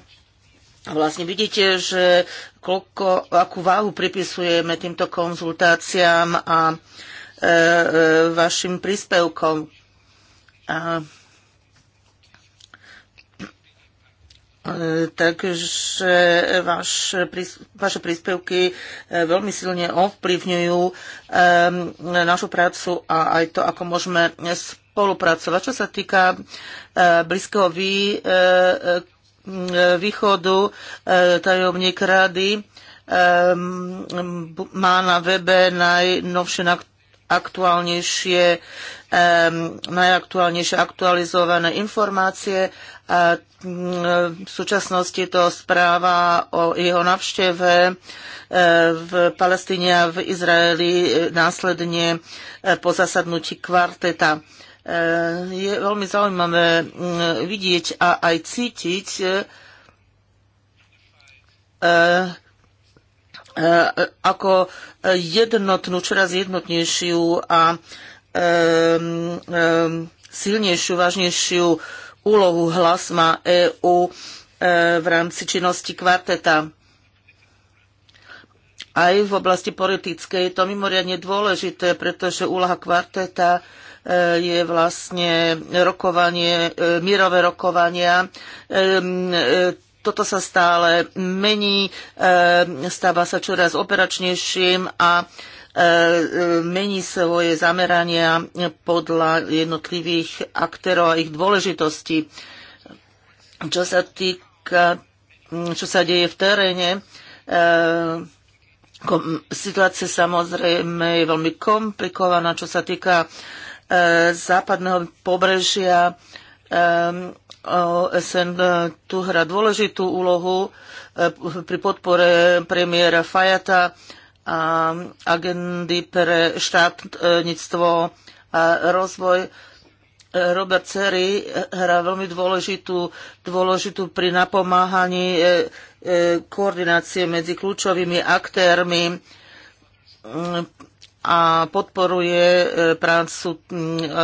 vlastne vidíte, že koľko, akú váhu pripisujeme týmto konzultáciám a e, e, vašim príspevkom. A, e, Takže vaš, vaše príspevky e, veľmi silne ovplyvňujú e, našu prácu a aj to, ako môžeme spolupracovať. Čo sa týka Blízkeho východu, e, tajomník rady, e, má na webe najnovšie aktuálnejšie, e, najaktuálnejšie aktualizované informácie a v súčasnosti to správa o jeho navšteve v Palestíne a v Izraeli následne po zasadnutí kvarteta. Eh, je veľmi zaujímavé mm, vidieť a aj cítiť eh, eh, ako jednotnú, čoraz jednotnejšiu a silnejšiu, vážnejšiu úlohu hlas má EÚ v rámci činnosti kvarteta. Aj v oblasti politickej je to mimoriadne dôležité, pretože úloha kvarteta E, je vlastne rokovanie, e, mierové rokovania. E, toto sa stále mení, stáva sa čoraz operačnejším a mení svoje zamerania podľa jednotlivých aktérov a ich dôležitosti. Čo sa týka, čo sa deje v teréne, situácia samozrejme je veľmi komplikovaná, čo sa týka Eh, západného pobrežia OSN tu hra dôležitú úlohu eh, pri podpore premiéra Fajata a agendy pre štátnictvo a rozvoj. Eh, Robert Cery hrá veľmi dôležitú, dôležitú pri napomáhaní koordinácie medzi kľúčovými aktérmi mm, a podporuje e, prácu e, e,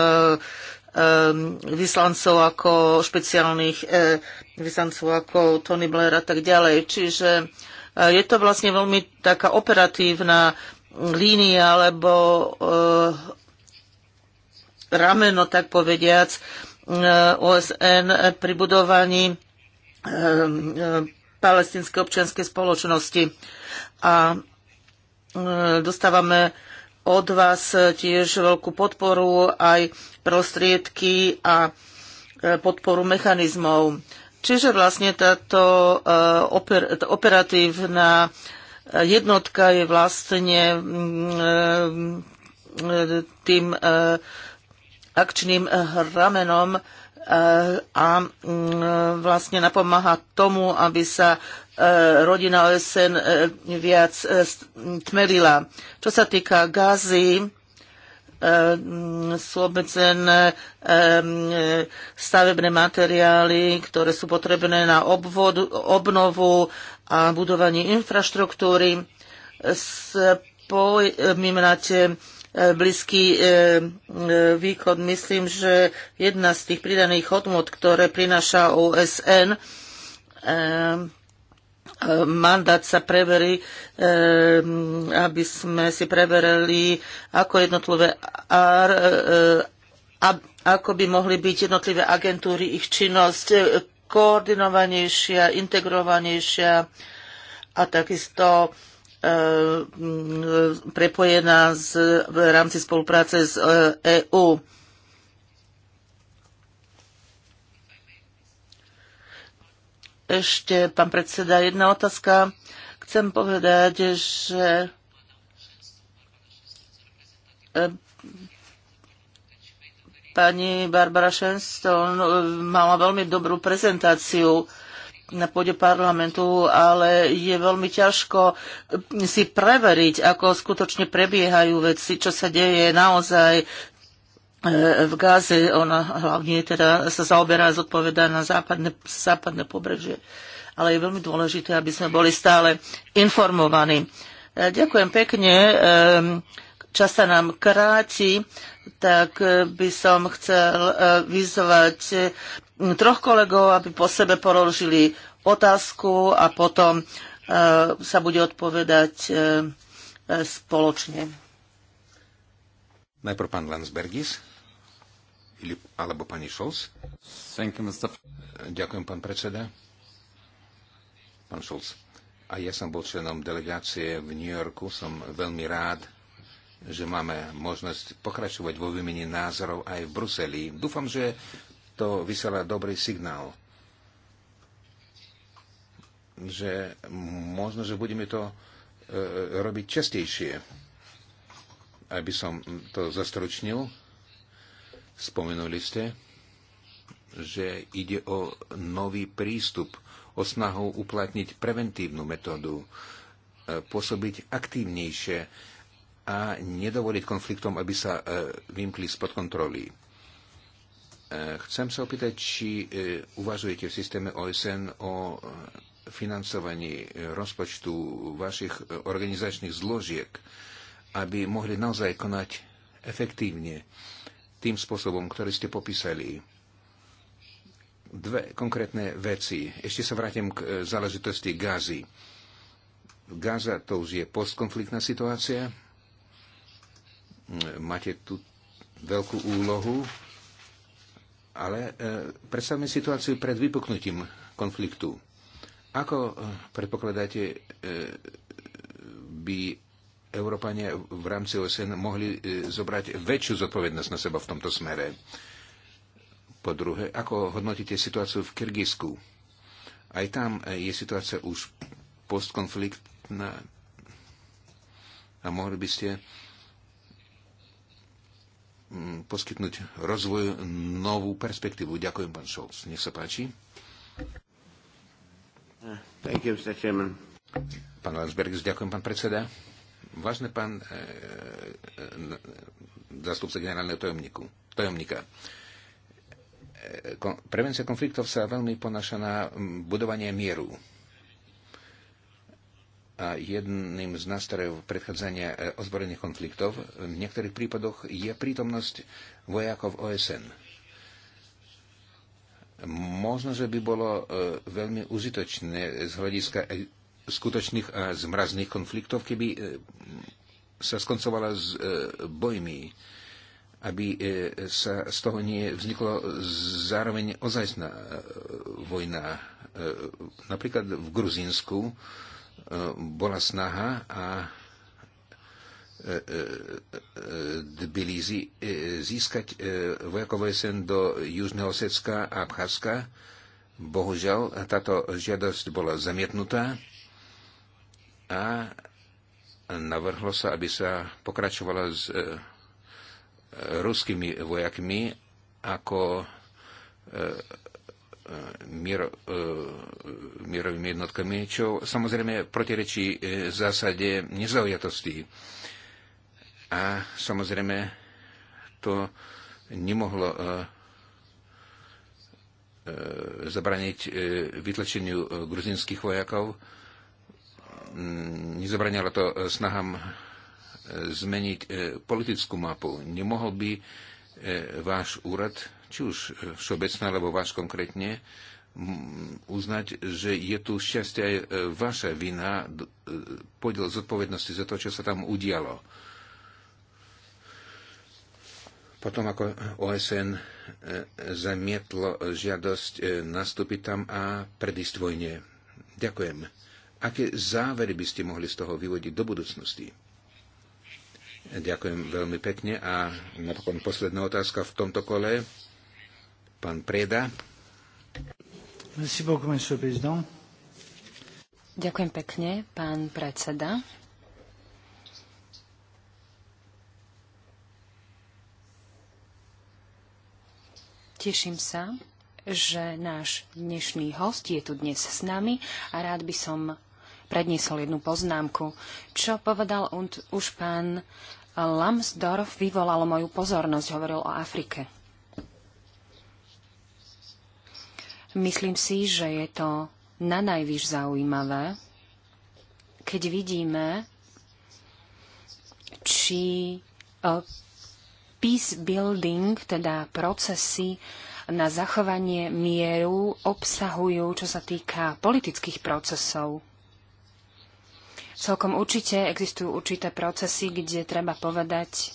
vyslancov ako špeciálnych vyslancov ako Tony Blair a tak ďalej. Čiže je to vlastne veľmi taká operatívna línia alebo rameno, tak povediac, OSN pri budovaní palestinskej občianskej spoločnosti. A dostávame od vás tiež veľkú podporu, aj prostriedky a e, podporu mechanizmov. Čiže vlastne táto e, oper, operatívna e, jednotka je vlastne mm, tým akčným ramenom a mm, vlastne napomáha tomu, aby sa Eh, rodina OSN eh, viac eh, tmerila. Čo sa týka Gazy, mm, sú obmedzené stavebné materiály, ktoré sú potrebné na obvodu, obnovu a budovanie infraštruktúry. Spomínate Blízky východ. Myslím, že jedna z tých pridaných hodnot, ktoré prináša OSN, mandát sa preverí, eh, aby sme si preverili, ako jednotlivé eh, ako by mohli byť jednotlivé agentúry, ich činnosť koordinovanejšia, integrovanejšia a takisto eh, prepojená z, v rámci spolupráce s EÚ. E Ešte, pán predseda, jedna otázka. Chcem povedať, že eh, pani Barbara Shenstone eh, mala veľmi dobrú prezentáciu na pôde parlamentu, ale je veľmi ťažko eh, si preveriť, ako skutočne prebiehajú veci, čo sa deje naozaj E, v Gáze, ona hlavne teda sa zaoberá a zodpovedá na západné, západné pobrežie. Ale je veľmi dôležité, aby sme boli stále informovaní. E, ďakujem pekne. E, čas sa nám kráti, tak by som chcel vyzvať troch kolegov, aby po sebe položili otázku a potom sa bude odpovedať spoločne. Najprv pán Landsbergis alebo pani Scholz. Ďakujem, pán predseda. Pán Scholz, a ja som bol členom delegácie v New Yorku. Som veľmi rád, že máme možnosť pokračovať vo výmene názorov aj v Bruseli. Dúfam, že to vysiela dobrý signál že možno, že budeme to e, robiť častejšie. Aby som to zastručnil, Spomenuli ste, že ide o nový prístup, o snahu uplatniť preventívnu metódu, e, pôsobiť aktívnejšie a nedovoliť konfliktom, aby sa e, vymkli spod kontroly. E, chcem sa opýtať, či uvažujete v systéme OSN o financovaní rozpočtu vašich organizačných zložiek, aby mohli naozaj konať efektívne tým spôsobom, ktorý ste popísali. Dve konkrétne veci. Ešte sa vrátim k e, záležitosti Gazy. Gaza to už je postkonfliktná situácia. Mm, máte tu veľkú úlohu, ale e, predstavme situáciu pred vypuknutím konfliktu. Ako e, predpokladáte, by Európania v rámci OSN mohli e, zobrať väčšiu zodpovednosť na seba v tomto smere. Po druhé, ako hodnotíte situáciu v Kyrgyzsku? Aj tam e, je situácia už postkonfliktná a mohli by ste mm, poskytnúť rozvoju novú perspektívu. Ďakujem, pán Scholz. Nech sa páči. Thank you, Mr. Chairman. Pán Landsberg, ďakujem, pán predseda. Vážne pán e, e zastupca generálneho tajomníku, tajomníka, e, kon, prevencia konfliktov sa veľmi ponáša na budovanie mieru. A jedným z nástrojov predchádzania e, ozbrojených konfliktov v niektorých prípadoch je prítomnosť vojakov OSN. Možno, že by bolo veľmi užitočné z hľadiska skutočných a zmrazných konfliktov, keby e, sa skoncovala s e, bojmi, aby e, sa z toho nie vzniklo zároveň ozajstná vojna. Napríklad v Gruzínsku bola snaha a Tbilisi získať vojakové sen do Južného Osecka a Abcházska. Bohužiaľ, táto žiadosť bola zamietnutá a navrhlo sa, aby sa pokračovala s e, ruskými vojakmi ako e, e, mier, mierovými jednotkami, čo samozrejme protirečí zásade nezaujatosti. A samozrejme to nemohlo zabraniť vytlačeniu gruzinských vojakov, Mm, Nezabranila to e, snahám e, zmeniť e, politickú mapu. Nemohol by váš úrad, či už všeobecná, alebo váš konkrétne, uznať, že je tu šťastie aj vaša vina, podiel zodpovednosti za to, čo sa tam udialo. Potom ako OSN zamietlo žiadosť nastúpiť tam a predísť vojne. Ďakujem. Aké závery by ste mohli z toho vyvodiť do budúcnosti? Ďakujem veľmi pekne a napokon posledná otázka v tomto kole. Pán Preda. Ďakujem pekne, pán predseda. Teším sa, že náš dnešný host je tu dnes s nami a rád by som predniesol jednu poznámku. Čo povedal už pán Lambsdorff, vyvolalo moju pozornosť, hovoril o Afrike. Myslím si, že je to na najvyš zaujímavé, keď vidíme, či e, peace building, teda procesy na zachovanie mieru obsahujú, čo sa týka politických procesov. Celkom určite existujú určité procesy, kde treba povedať,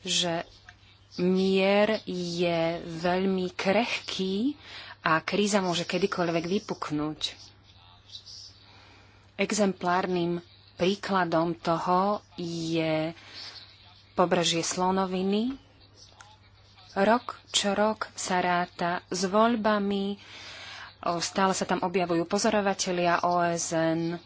že mier je veľmi krehký a kríza môže kedykoľvek vypuknúť. Exemplárnym príkladom toho je pobrežie Slonoviny. Rok čo rok sa ráta s voľbami, stále sa tam objavujú pozorovatelia OSN,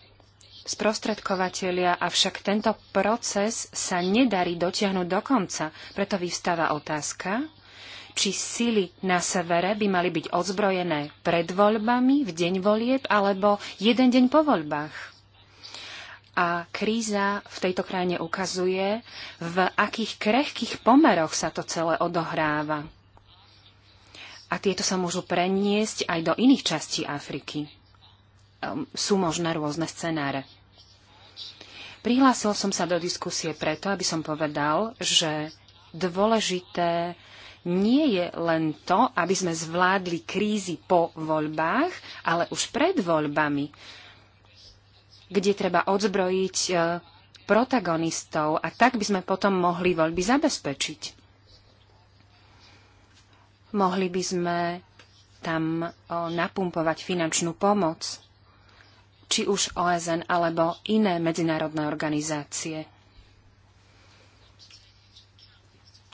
sprostredkovateľia, avšak tento proces sa nedarí dotiahnuť do konca. Preto vyvstáva otázka, či sily na severe by mali byť odzbrojené pred voľbami, v deň volieb alebo jeden deň po voľbách. A kríza v tejto krajine ukazuje, v akých krehkých pomeroch sa to celé odohráva. A tieto sa môžu preniesť aj do iných častí Afriky. Um, sú možné rôzne scenáre. Prihlásil som sa do diskusie preto, aby som povedal, že dôležité nie je len to, aby sme zvládli krízy po voľbách, ale už pred voľbami, kde treba odzbrojiť uh, protagonistov a tak by sme potom mohli voľby zabezpečiť. Mohli by sme tam uh, napumpovať finančnú pomoc či už OSN alebo iné medzinárodné organizácie.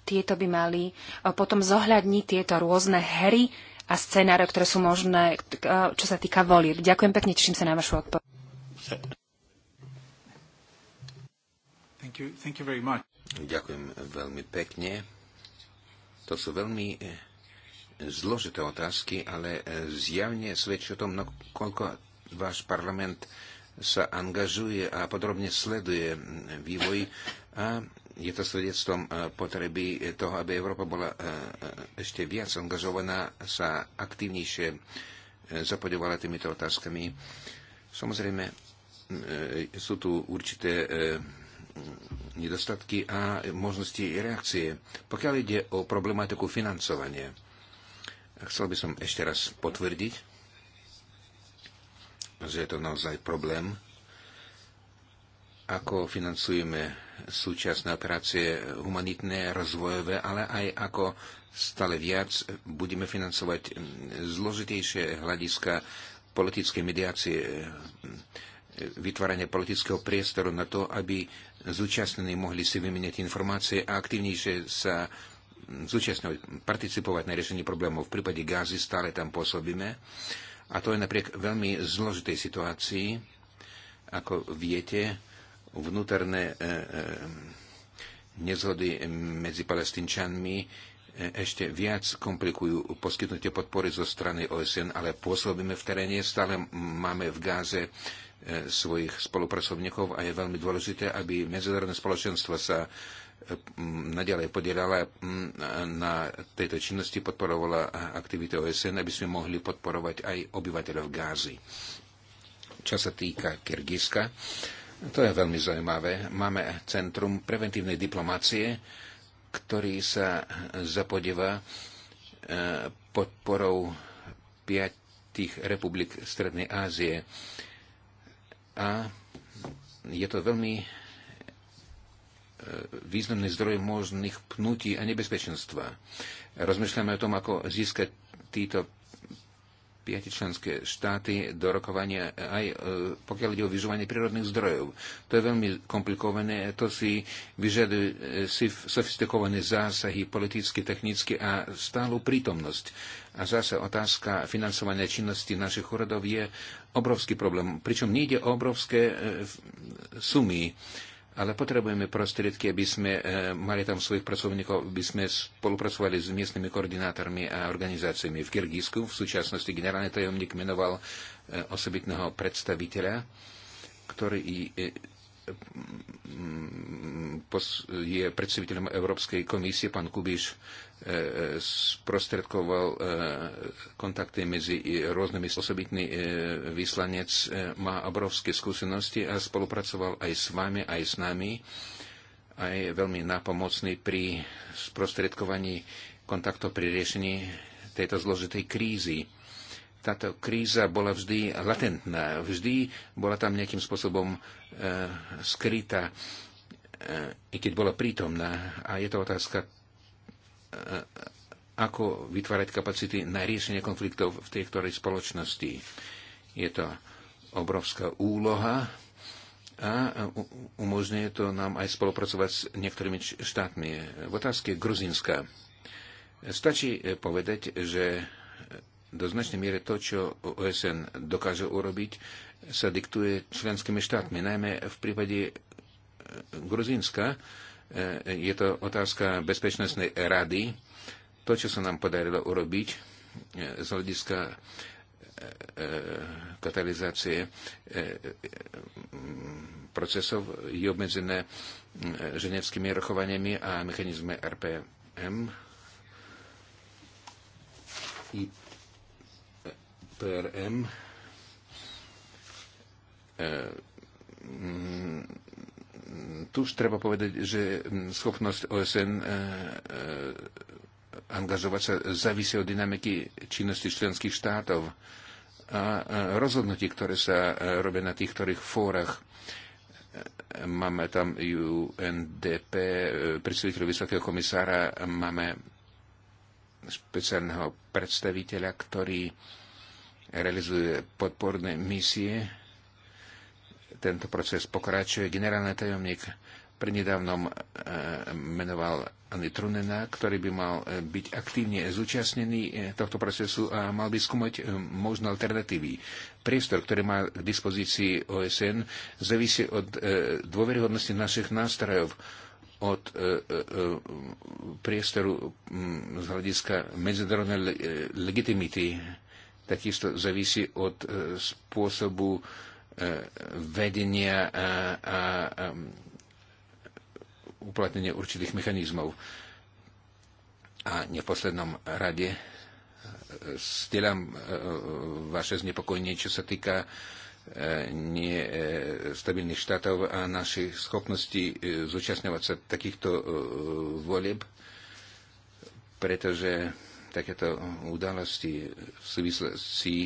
Tieto by mali eh, potom zohľadniť tieto rôzne hry a scenáre, ktoré sú možné, eh, čo sa týka volieb. Ďakujem pekne, teším sa na vašu odpoveď. Ďakujem veľmi pekne. To sú veľmi eh, zložité otázky, ale zjavne svedčí o tom, no, koľko váš parlament sa angažuje a podrobne sleduje vývoj a je to svedectvom e, potreby toho, aby Európa bola e, e, ešte viac angažovaná, sa aktívnejšie zapodovala týmito otázkami. Samozrejme, sú tu určité nedostatky a možnosti reakcie. Pokiaľ ide o problematiku financovania, chcel by som ešte raz potvrdiť, že je to naozaj problém. Ako financujeme súčasné operácie humanitné, rozvojové, ale aj ako stále viac budeme financovať zložitejšie hľadiska politickej mediácie, vytvárania politického priestoru na to, aby zúčastnení mohli si vymeniať informácie a aktivnejšie sa zúčastňovať, participovať na riešení problémov. V prípade Gázy stále tam pôsobíme a to je napriek veľmi zložitej situácii. Ako viete, vnútorné e, e, nezhody medzi palestinčanmi e, ešte viac komplikujú poskytnutie podpory zo strany OSN, ale pôsobíme v teréne, stále máme v Gáze svojich spolupracovníkov a je veľmi dôležité, aby medzinárodné spoločenstvo sa nadalej podielala na tejto činnosti, podporovala aktivity OSN, aby sme mohli podporovať aj obyvateľov Gázy. Čo sa týka Kyrgyzska, to je veľmi zaujímavé. Máme Centrum preventívnej diplomácie, ktorý sa zapodieva e, podporou piatich republik Strednej Ázie. A je to veľmi významný zdroj možných pnutí a nebezpečenstva. Rozmýšľame o tom, ako získať títo piatičlenské štáty do rokovania aj e, pokiaľ ide o vyžovanie prírodných zdrojov. To je veľmi komplikované, to si vyžaduje e, si sofistikované zásahy politicky, technicky a stálu prítomnosť. A zase otázka financovania činnosti našich úradov je obrovský problém, pričom nejde o obrovské e, sumy. E, ale potrebujeme prostriedky, aby sme e, mali tam svojich pracovníkov, aby sme spolupracovali s miestnymi koordinátormi a organizáciami. V Kyrgyzsku v súčasnosti generálny tajomník menoval e, osobitného predstaviteľa, ktorý e, je predstaviteľom Európskej komisie, pán Kubiš E, e, sprostredkoval e, kontakty medzi rôznymi osobitný vyslanec, má obrovské skúsenosti a spolupracoval aj s vami, aj s nami a je veľmi nápomocný pri sprostredkovaní kontaktov pri riešení tejto zložitej krízy. Táto kríza bola vždy latentná, vždy bola tam nejakým spôsobom e, skrytá, e, i keď bola prítomná. A je to otázka E, ako vytvárať kapacity na riešenie konfliktov v tej ktorej spoločnosti. Je to obrovská úloha a umožňuje to nám aj spolupracovať s niektorými štátmi. V otázke Gruzinska. stačí povedať, že do značnej miery to, čo OSN dokáže urobiť, sa diktuje členskými štátmi, najmä v prípade e, Gruzinska, E, je to otázka bezpečnostnej rady. To, čo sa nám podarilo urobiť e, z hľadiska e, katalizácie procesov je obmedzené ženevskými rochovaniami a mechanizme RPM. I PRM tu už treba povedať, že mm, schopnosť OSN e, e, angažovať sa závisí od dynamiky činnosti členských štátov a e, rozhodnutí, ktoré sa robia na tých ktorých fórach. Máme tam UNDP, predstaviteľ Vysokého komisára, máme špeciálneho predstaviteľa, ktorý realizuje podporné misie tento proces pokračuje. Generálny tajomník prednedávnom e, menoval Anny Trunena, ktorý by mal e, byť aktívne zúčastnený e, tohto procesu a mal by skúmať možné alternatívy. Priestor, ktorý má k dispozícii OSN, závisí od dôveryhodnosti našich nástrojov, od priestoru z hľadiska medzinárodnej legitimity. Takisto závisí od spôsobu vedenia a, a, a um, uplatnenie určitých mechanizmov. A neposlednom rade e, stielam e, vaše znepokojenie, čo sa týka e, nestabilných štátov a našej schopnosti zúčastňovať sa takýchto volieb, pretože takéto udalosti v súvislosti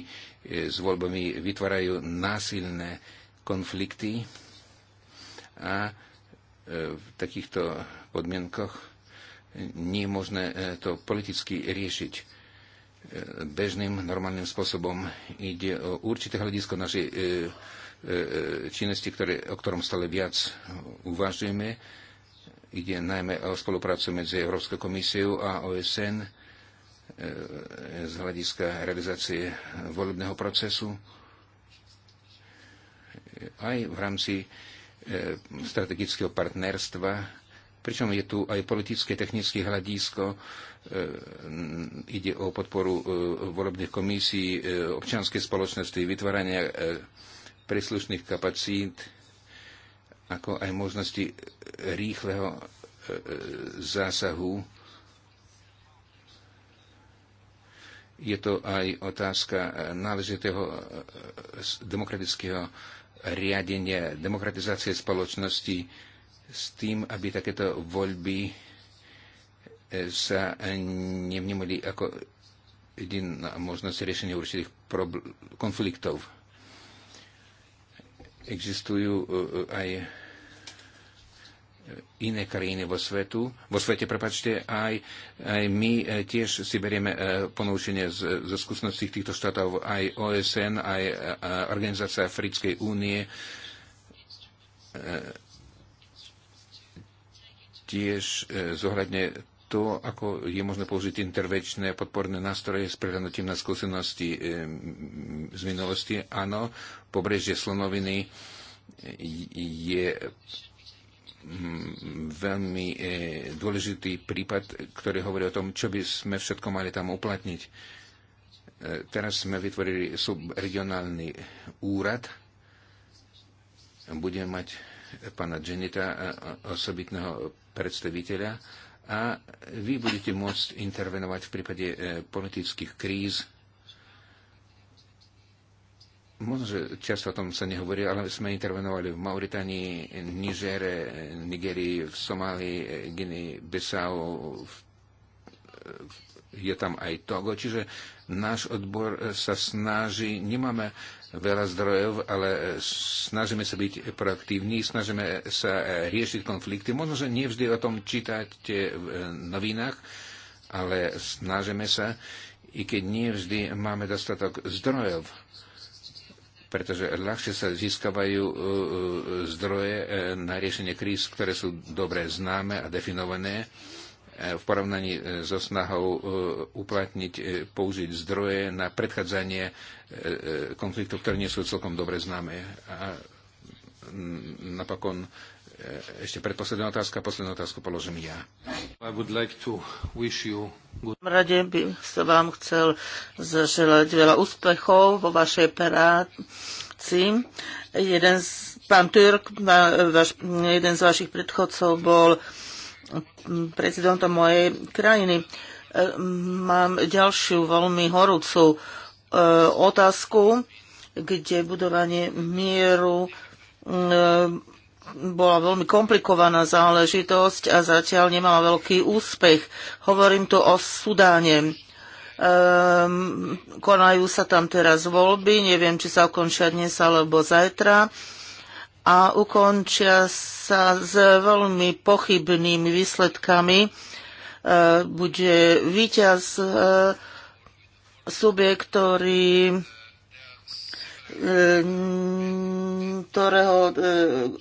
E, s voľbami vytvárajú násilné konflikty a e, v takýchto podmienkoch nie je možné e, to politicky riešiť bežným, normálnym spôsobom. Ide o určité hľadisko našej činnosti, ktoré, o ktorom stále viac uvažujeme. Ide najmä o spoluprácu medzi Európskou komisiou a OSN E, z hľadiska realizácie volebného procesu aj v rámci e, strategického partnerstva pričom je tu aj politické, technické hľadisko, e, ide o podporu volebných komisí, občianskej spoločnosti, vytvárania príslušných kapacít, ako aj možnosti rýchleho zásahu Je to aj otázka e, náležitého e, demokratického riadenia, demokratizácie spoločnosti s tým, aby takéto voľby e, sa nevnímali ako jediná možnosť riešenia určitých konfliktov. Existujú aj iné krajiny vo, svetu, vo svete, prepačte, aj, aj my e, tiež si berieme e, ponúčenie zo skúseností týchto štátov, aj OSN, aj e, Organizácia Africkej únie tiež zohľadne to, ako je možné použiť intervečné podporné nástroje s prehľadnutím na skúsenosti z minulosti. Áno, pobrežie Slonoviny je veľmi e, dôležitý prípad, ktorý hovorí o tom, čo by sme všetko mali tam uplatniť. E, teraz sme vytvorili subregionálny úrad. Budeme mať pána Dženita, e, osobitného predstaviteľa a vy budete môcť intervenovať v prípade politických kríz Možno, že často o tom sa nehovorí, ale sme intervenovali v Mauritánii, Nižere, Nigerii, v Somálii, Guinei, Bissau, je tam aj Togo, čiže náš odbor sa snaží, nemáme veľa zdrojov, ale snažíme sa byť proaktívni, snažíme sa riešiť konflikty. Možno, že nevždy o tom čítate v novinách, ale snažíme sa, i keď nevždy máme dostatok zdrojov pretože ľahšie sa získavajú e, e, zdroje e, na riešenie kríz, ktoré sú dobre známe a definované v porovnaní so snahou uplatniť, použiť zdroje na predchádzanie konfliktov, ktoré nie sú celkom dobre známe. A napokon ešte predposledná otázka, poslednú otázku položím ja. Rade by som vám chcel zaželať veľa úspechov vo vašej práci. Jeden z, pán Turk, vaš, jeden z vašich predchodcov bol prezidentom mojej krajiny. Mám ďalšiu veľmi horúcu e, otázku, kde budovanie mieru e, bola veľmi komplikovaná záležitosť a zatiaľ nemala veľký úspech. Hovorím tu o Sudáne. Um, konajú sa tam teraz voľby, neviem, či sa ukončia dnes alebo zajtra a ukončia sa s veľmi pochybnými výsledkami. Uh, bude víťaz uh, subjekt, ktorý E, ktorého e,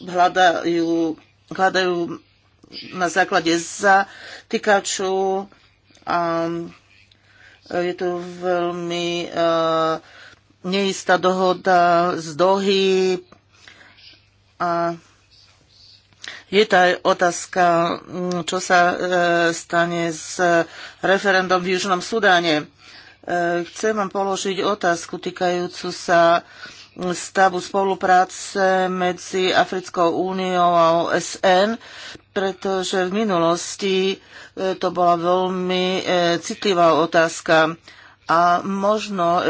hľadajú, hľadajú na základe zatýkaču a je tu veľmi e, neistá dohoda z Dohy a je to aj otázka, čo sa stane s referendum v Južnom Sudáne. Eh, chcem vám položiť otázku týkajúcu sa stavu spolupráce medzi Africkou úniou a OSN, pretože v minulosti eh, to bola veľmi eh, citlivá otázka a možno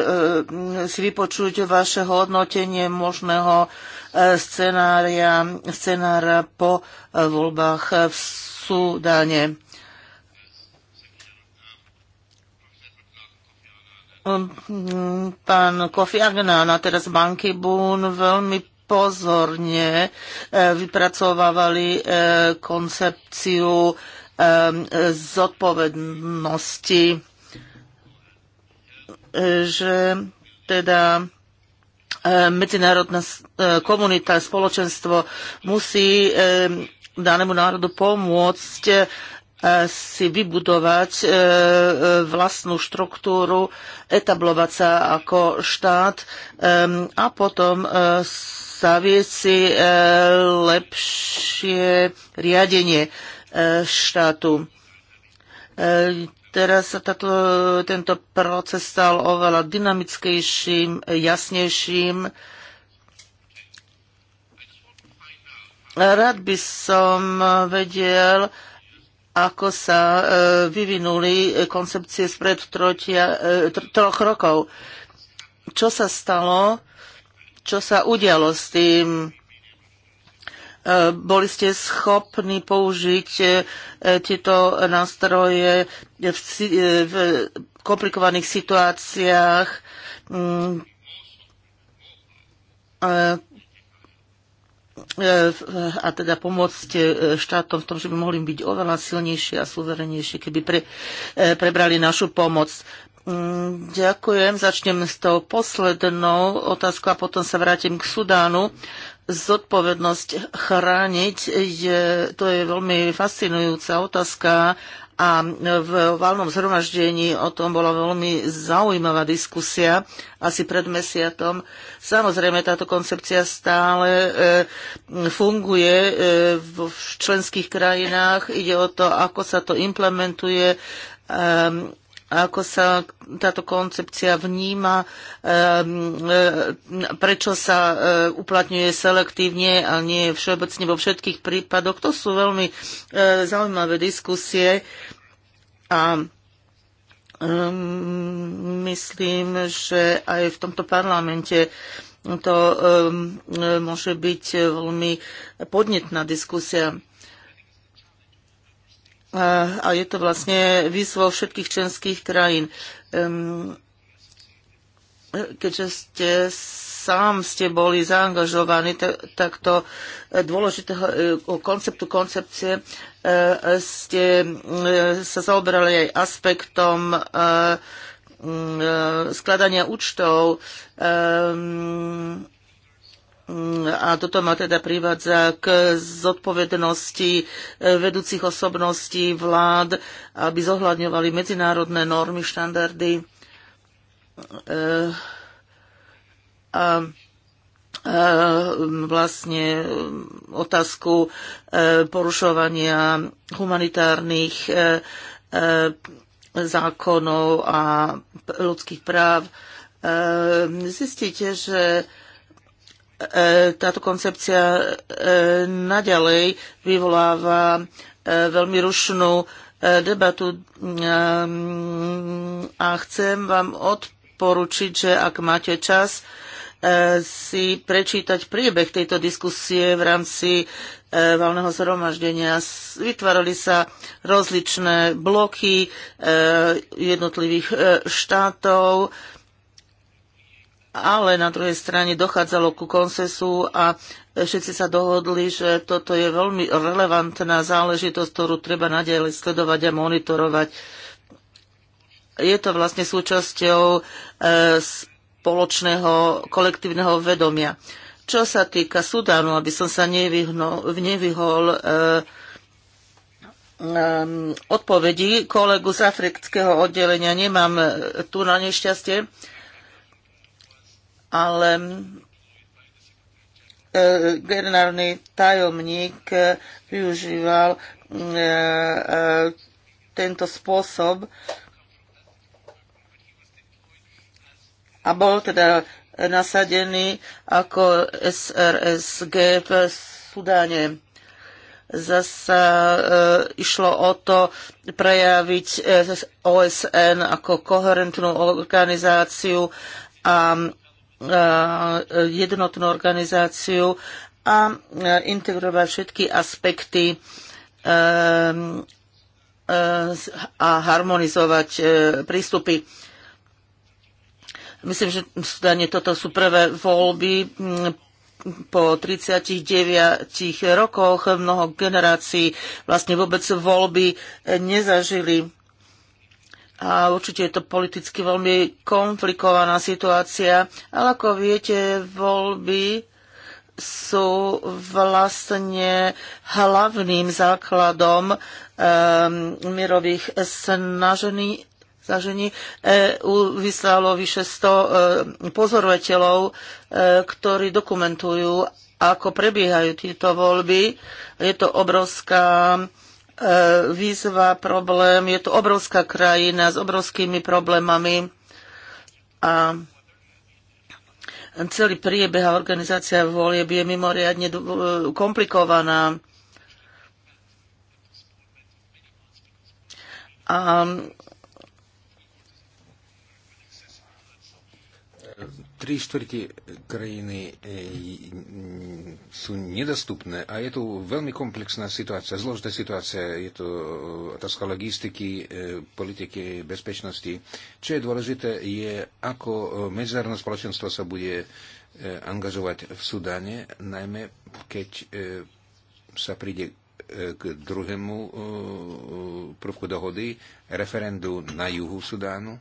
si vypočuť vaše hodnotenie možného scenária, scenára po voľbách v Súdane. Ehm, pán Kofi Agnán a teraz Banky Boon veľmi pozorne eh, vypracovávali eh, koncepciu ehm, zodpovednosti, eh, že teda medzinárodná komunita, spoločenstvo musí ehm, danému národu pomôcť E, si vybudovať e, e, vlastnú štruktúru, etablovať sa ako štát a potom zavieť si lepšie riadenie štátu. Teraz sa tato, tento proces stal oveľa dynamickejším, jasnejším. Rád by som vedel, ako sa e, vyvinuli koncepcie spred trotia, e, troch rokov. Čo sa stalo? Čo sa udialo s tým? E, boli ste schopní použiť tieto nástroje v, v komplikovaných situáciách? Mm. E, a teda pomôcť e, štátom v tom, že by mohli byť oveľa silnejšie a suverenejšie, keby pre, e, prebrali našu pomoc. Mm, ďakujem. Začnem s tou poslednou otázkou a potom sa vrátim k Sudánu. Zodpovednosť chrániť, je, to je veľmi fascinujúca otázka a v valnom zhromaždení o tom bola veľmi zaujímavá diskusia asi pred mesiacom. Samozrejme, táto koncepcia stále e, funguje e, v členských krajinách. Ide o to, ako sa to implementuje e, ako sa táto koncepcia vníma, ehm, e, prečo sa e, uplatňuje selektívne a nie všeobecne vo všetkých prípadoch. To sú veľmi e, zaujímavé diskusie a ehm, myslím, že aj v tomto parlamente to ehm, môže byť veľmi podnetná diskusia a je to vlastne výzvou všetkých členských krajín. Keďže ste sám ste boli zaangažovaní takto e, dôležitého e, konceptu koncepcie, e, ste sa zaoberali aj aspektom skladania účtov Mm, a toto ma teda privádza k zodpovednosti eh, vedúcich osobností vlád, aby zohľadňovali medzinárodné normy, štandardy. Eh, a eh, vlastne mm, otázku porušovania humanitárnych zákonov a ľudských práv. Zistíte, že E, táto koncepcia e, naďalej vyvoláva e, veľmi rušnú debatu a chcem vám odporučiť, že ak máte čas, si prečítať priebeh tejto diskusie v rámci valného zhromaždenia. Vytvárali sa rozličné bloky jednotlivých štátov, ale na druhej strane dochádzalo ku konsensu a všetci sa dohodli, že toto je veľmi relevantná záležitosť, ktorú treba nadalej sledovať a monitorovať. Je to vlastne súčasťou e, spoločného kolektívneho vedomia. Čo sa týka Sudánu, aby som sa nevyhnul, nevyhol e, e, odpovedí kolegu z afrického oddelenia, nemám tu na nešťastie, ale generálny tajomník e, využíval e, e, tento spôsob a bol teda nasadený ako SRSG v Sudáne. Zasa e, išlo o to prejaviť e, OSN ako koherentnú organizáciu a jednotnú organizáciu a integrovať všetky aspekty e, e, a harmonizovať e, prístupy. Myslím, že v teda toto sú prvé voľby po 39 rokoch. Mnoho generácií vlastne vôbec voľby nezažili a určite je to politicky veľmi komplikovaná situácia, ale ako viete, voľby sú vlastne hlavným základom um, ehm, mirových snažení. Zažení EU vyslalo vyše 100 ehm, pozorovateľov, e, ktorí dokumentujú, ako prebiehajú tieto voľby. Je to obrovská Eh, výzva, problém. Je to obrovská krajina s obrovskými problémami a celý priebeh a organizácia volieb je mimoriadne eh, komplikovaná. A tri štvrti krajiny e, sú nedostupné a je tu veľmi komplexná situácia, zložitá situácia. Je to e, otázka logistiky, e, politiky, bezpečnosti. Čo je dôležité, je, ako medzinárodné spoločenstvo sa bude angažovať v Sudáne, najmä keď sa príde k druhému prvku dohody, referendu na juhu Sudánu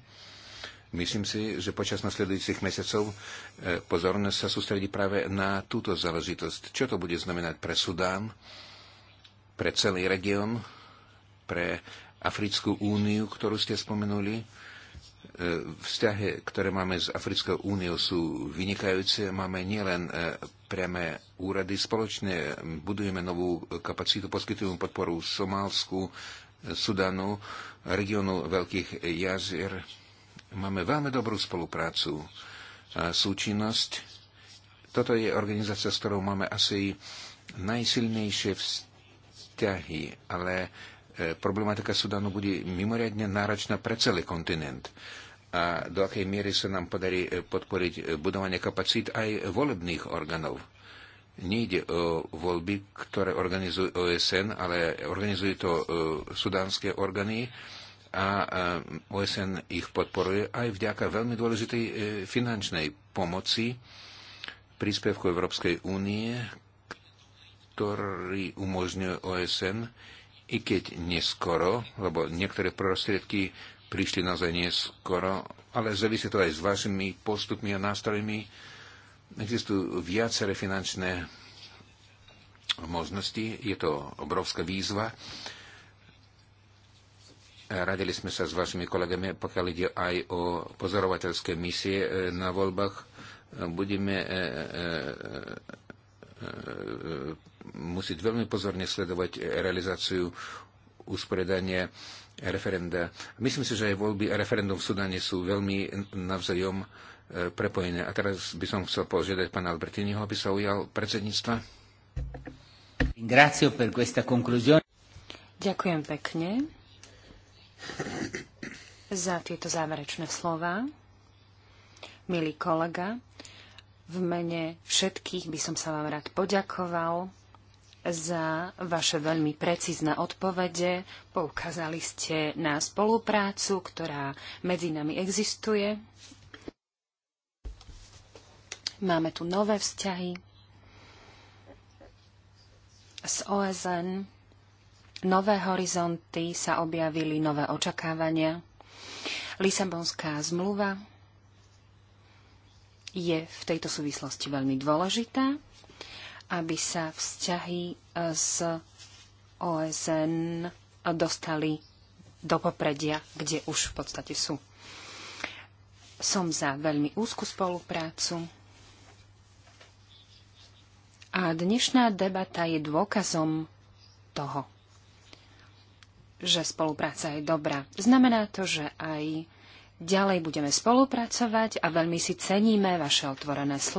Myslím si, že počas nasledujúcich mesiacov e, pozornosť sa sústredí práve na túto záležitosť. Čo to bude znamenať pre Sudán, pre celý región, pre Africkú úniu, ktorú ste spomenuli? E, vzťahy, ktoré máme s Africkou úniou, sú vynikajúce. Máme nielen e, priame úrady, spoločne budujeme novú kapacitu, poskytujeme podporu Somálsku, Sudanu, regionu Veľkých jazier, Máme veľmi dobrú spoluprácu a súčinnosť. Toto je organizácia, s ktorou máme asi najsilnejšie vzťahy, ale e, problematika Sudanu bude mimoriadne náročná pre celý kontinent a do akej miery sa nám podarí e, podporiť e, budovanie kapacít aj volebných orgánov. Nejde o voľby, ktoré organizuje OSN, ale organizujú to sudánske orgány a e, OSN ich podporuje aj vďaka veľmi dôležitej e, finančnej pomoci príspevku Európskej únie, ktorý umožňuje OSN, i keď neskoro, lebo niektoré prostriedky prišli naozaj neskoro, ale závisí to aj s vašimi postupmi a nástrojmi. Existujú viaceré finančné možnosti, je to obrovská výzva Radili sme sa s vašimi kolegami, pokiaľ ide aj o pozorovateľské misie e, na voľbách. E, budeme e, musieť veľmi pozorne sledovať realizáciu usporiadania referenda. Myslím si, že aj voľby a referendum v Sudane sú veľmi navzájom prepojené. A teraz by som chcel požiadať pána Albertiniho, aby sa ujal predsedníctva. Ďakujem pekne za tieto záverečné slova. Milý kolega, v mene všetkých by som sa vám rád poďakoval za vaše veľmi precízne odpovede. Poukázali ste na spoluprácu, ktorá medzi nami existuje. Máme tu nové vzťahy s OSN nové horizonty sa objavili, nové očakávania. Lisabonská zmluva je v tejto súvislosti veľmi dôležitá, aby sa vzťahy e, s OSN dostali do popredia, kde už v podstate sú. Som za veľmi úzku spoluprácu a dnešná debata je dôkazom toho že spolupráca je dobrá. Znamená to, že aj ďalej budeme spolupracovať a veľmi si ceníme vaše otvorené slovo.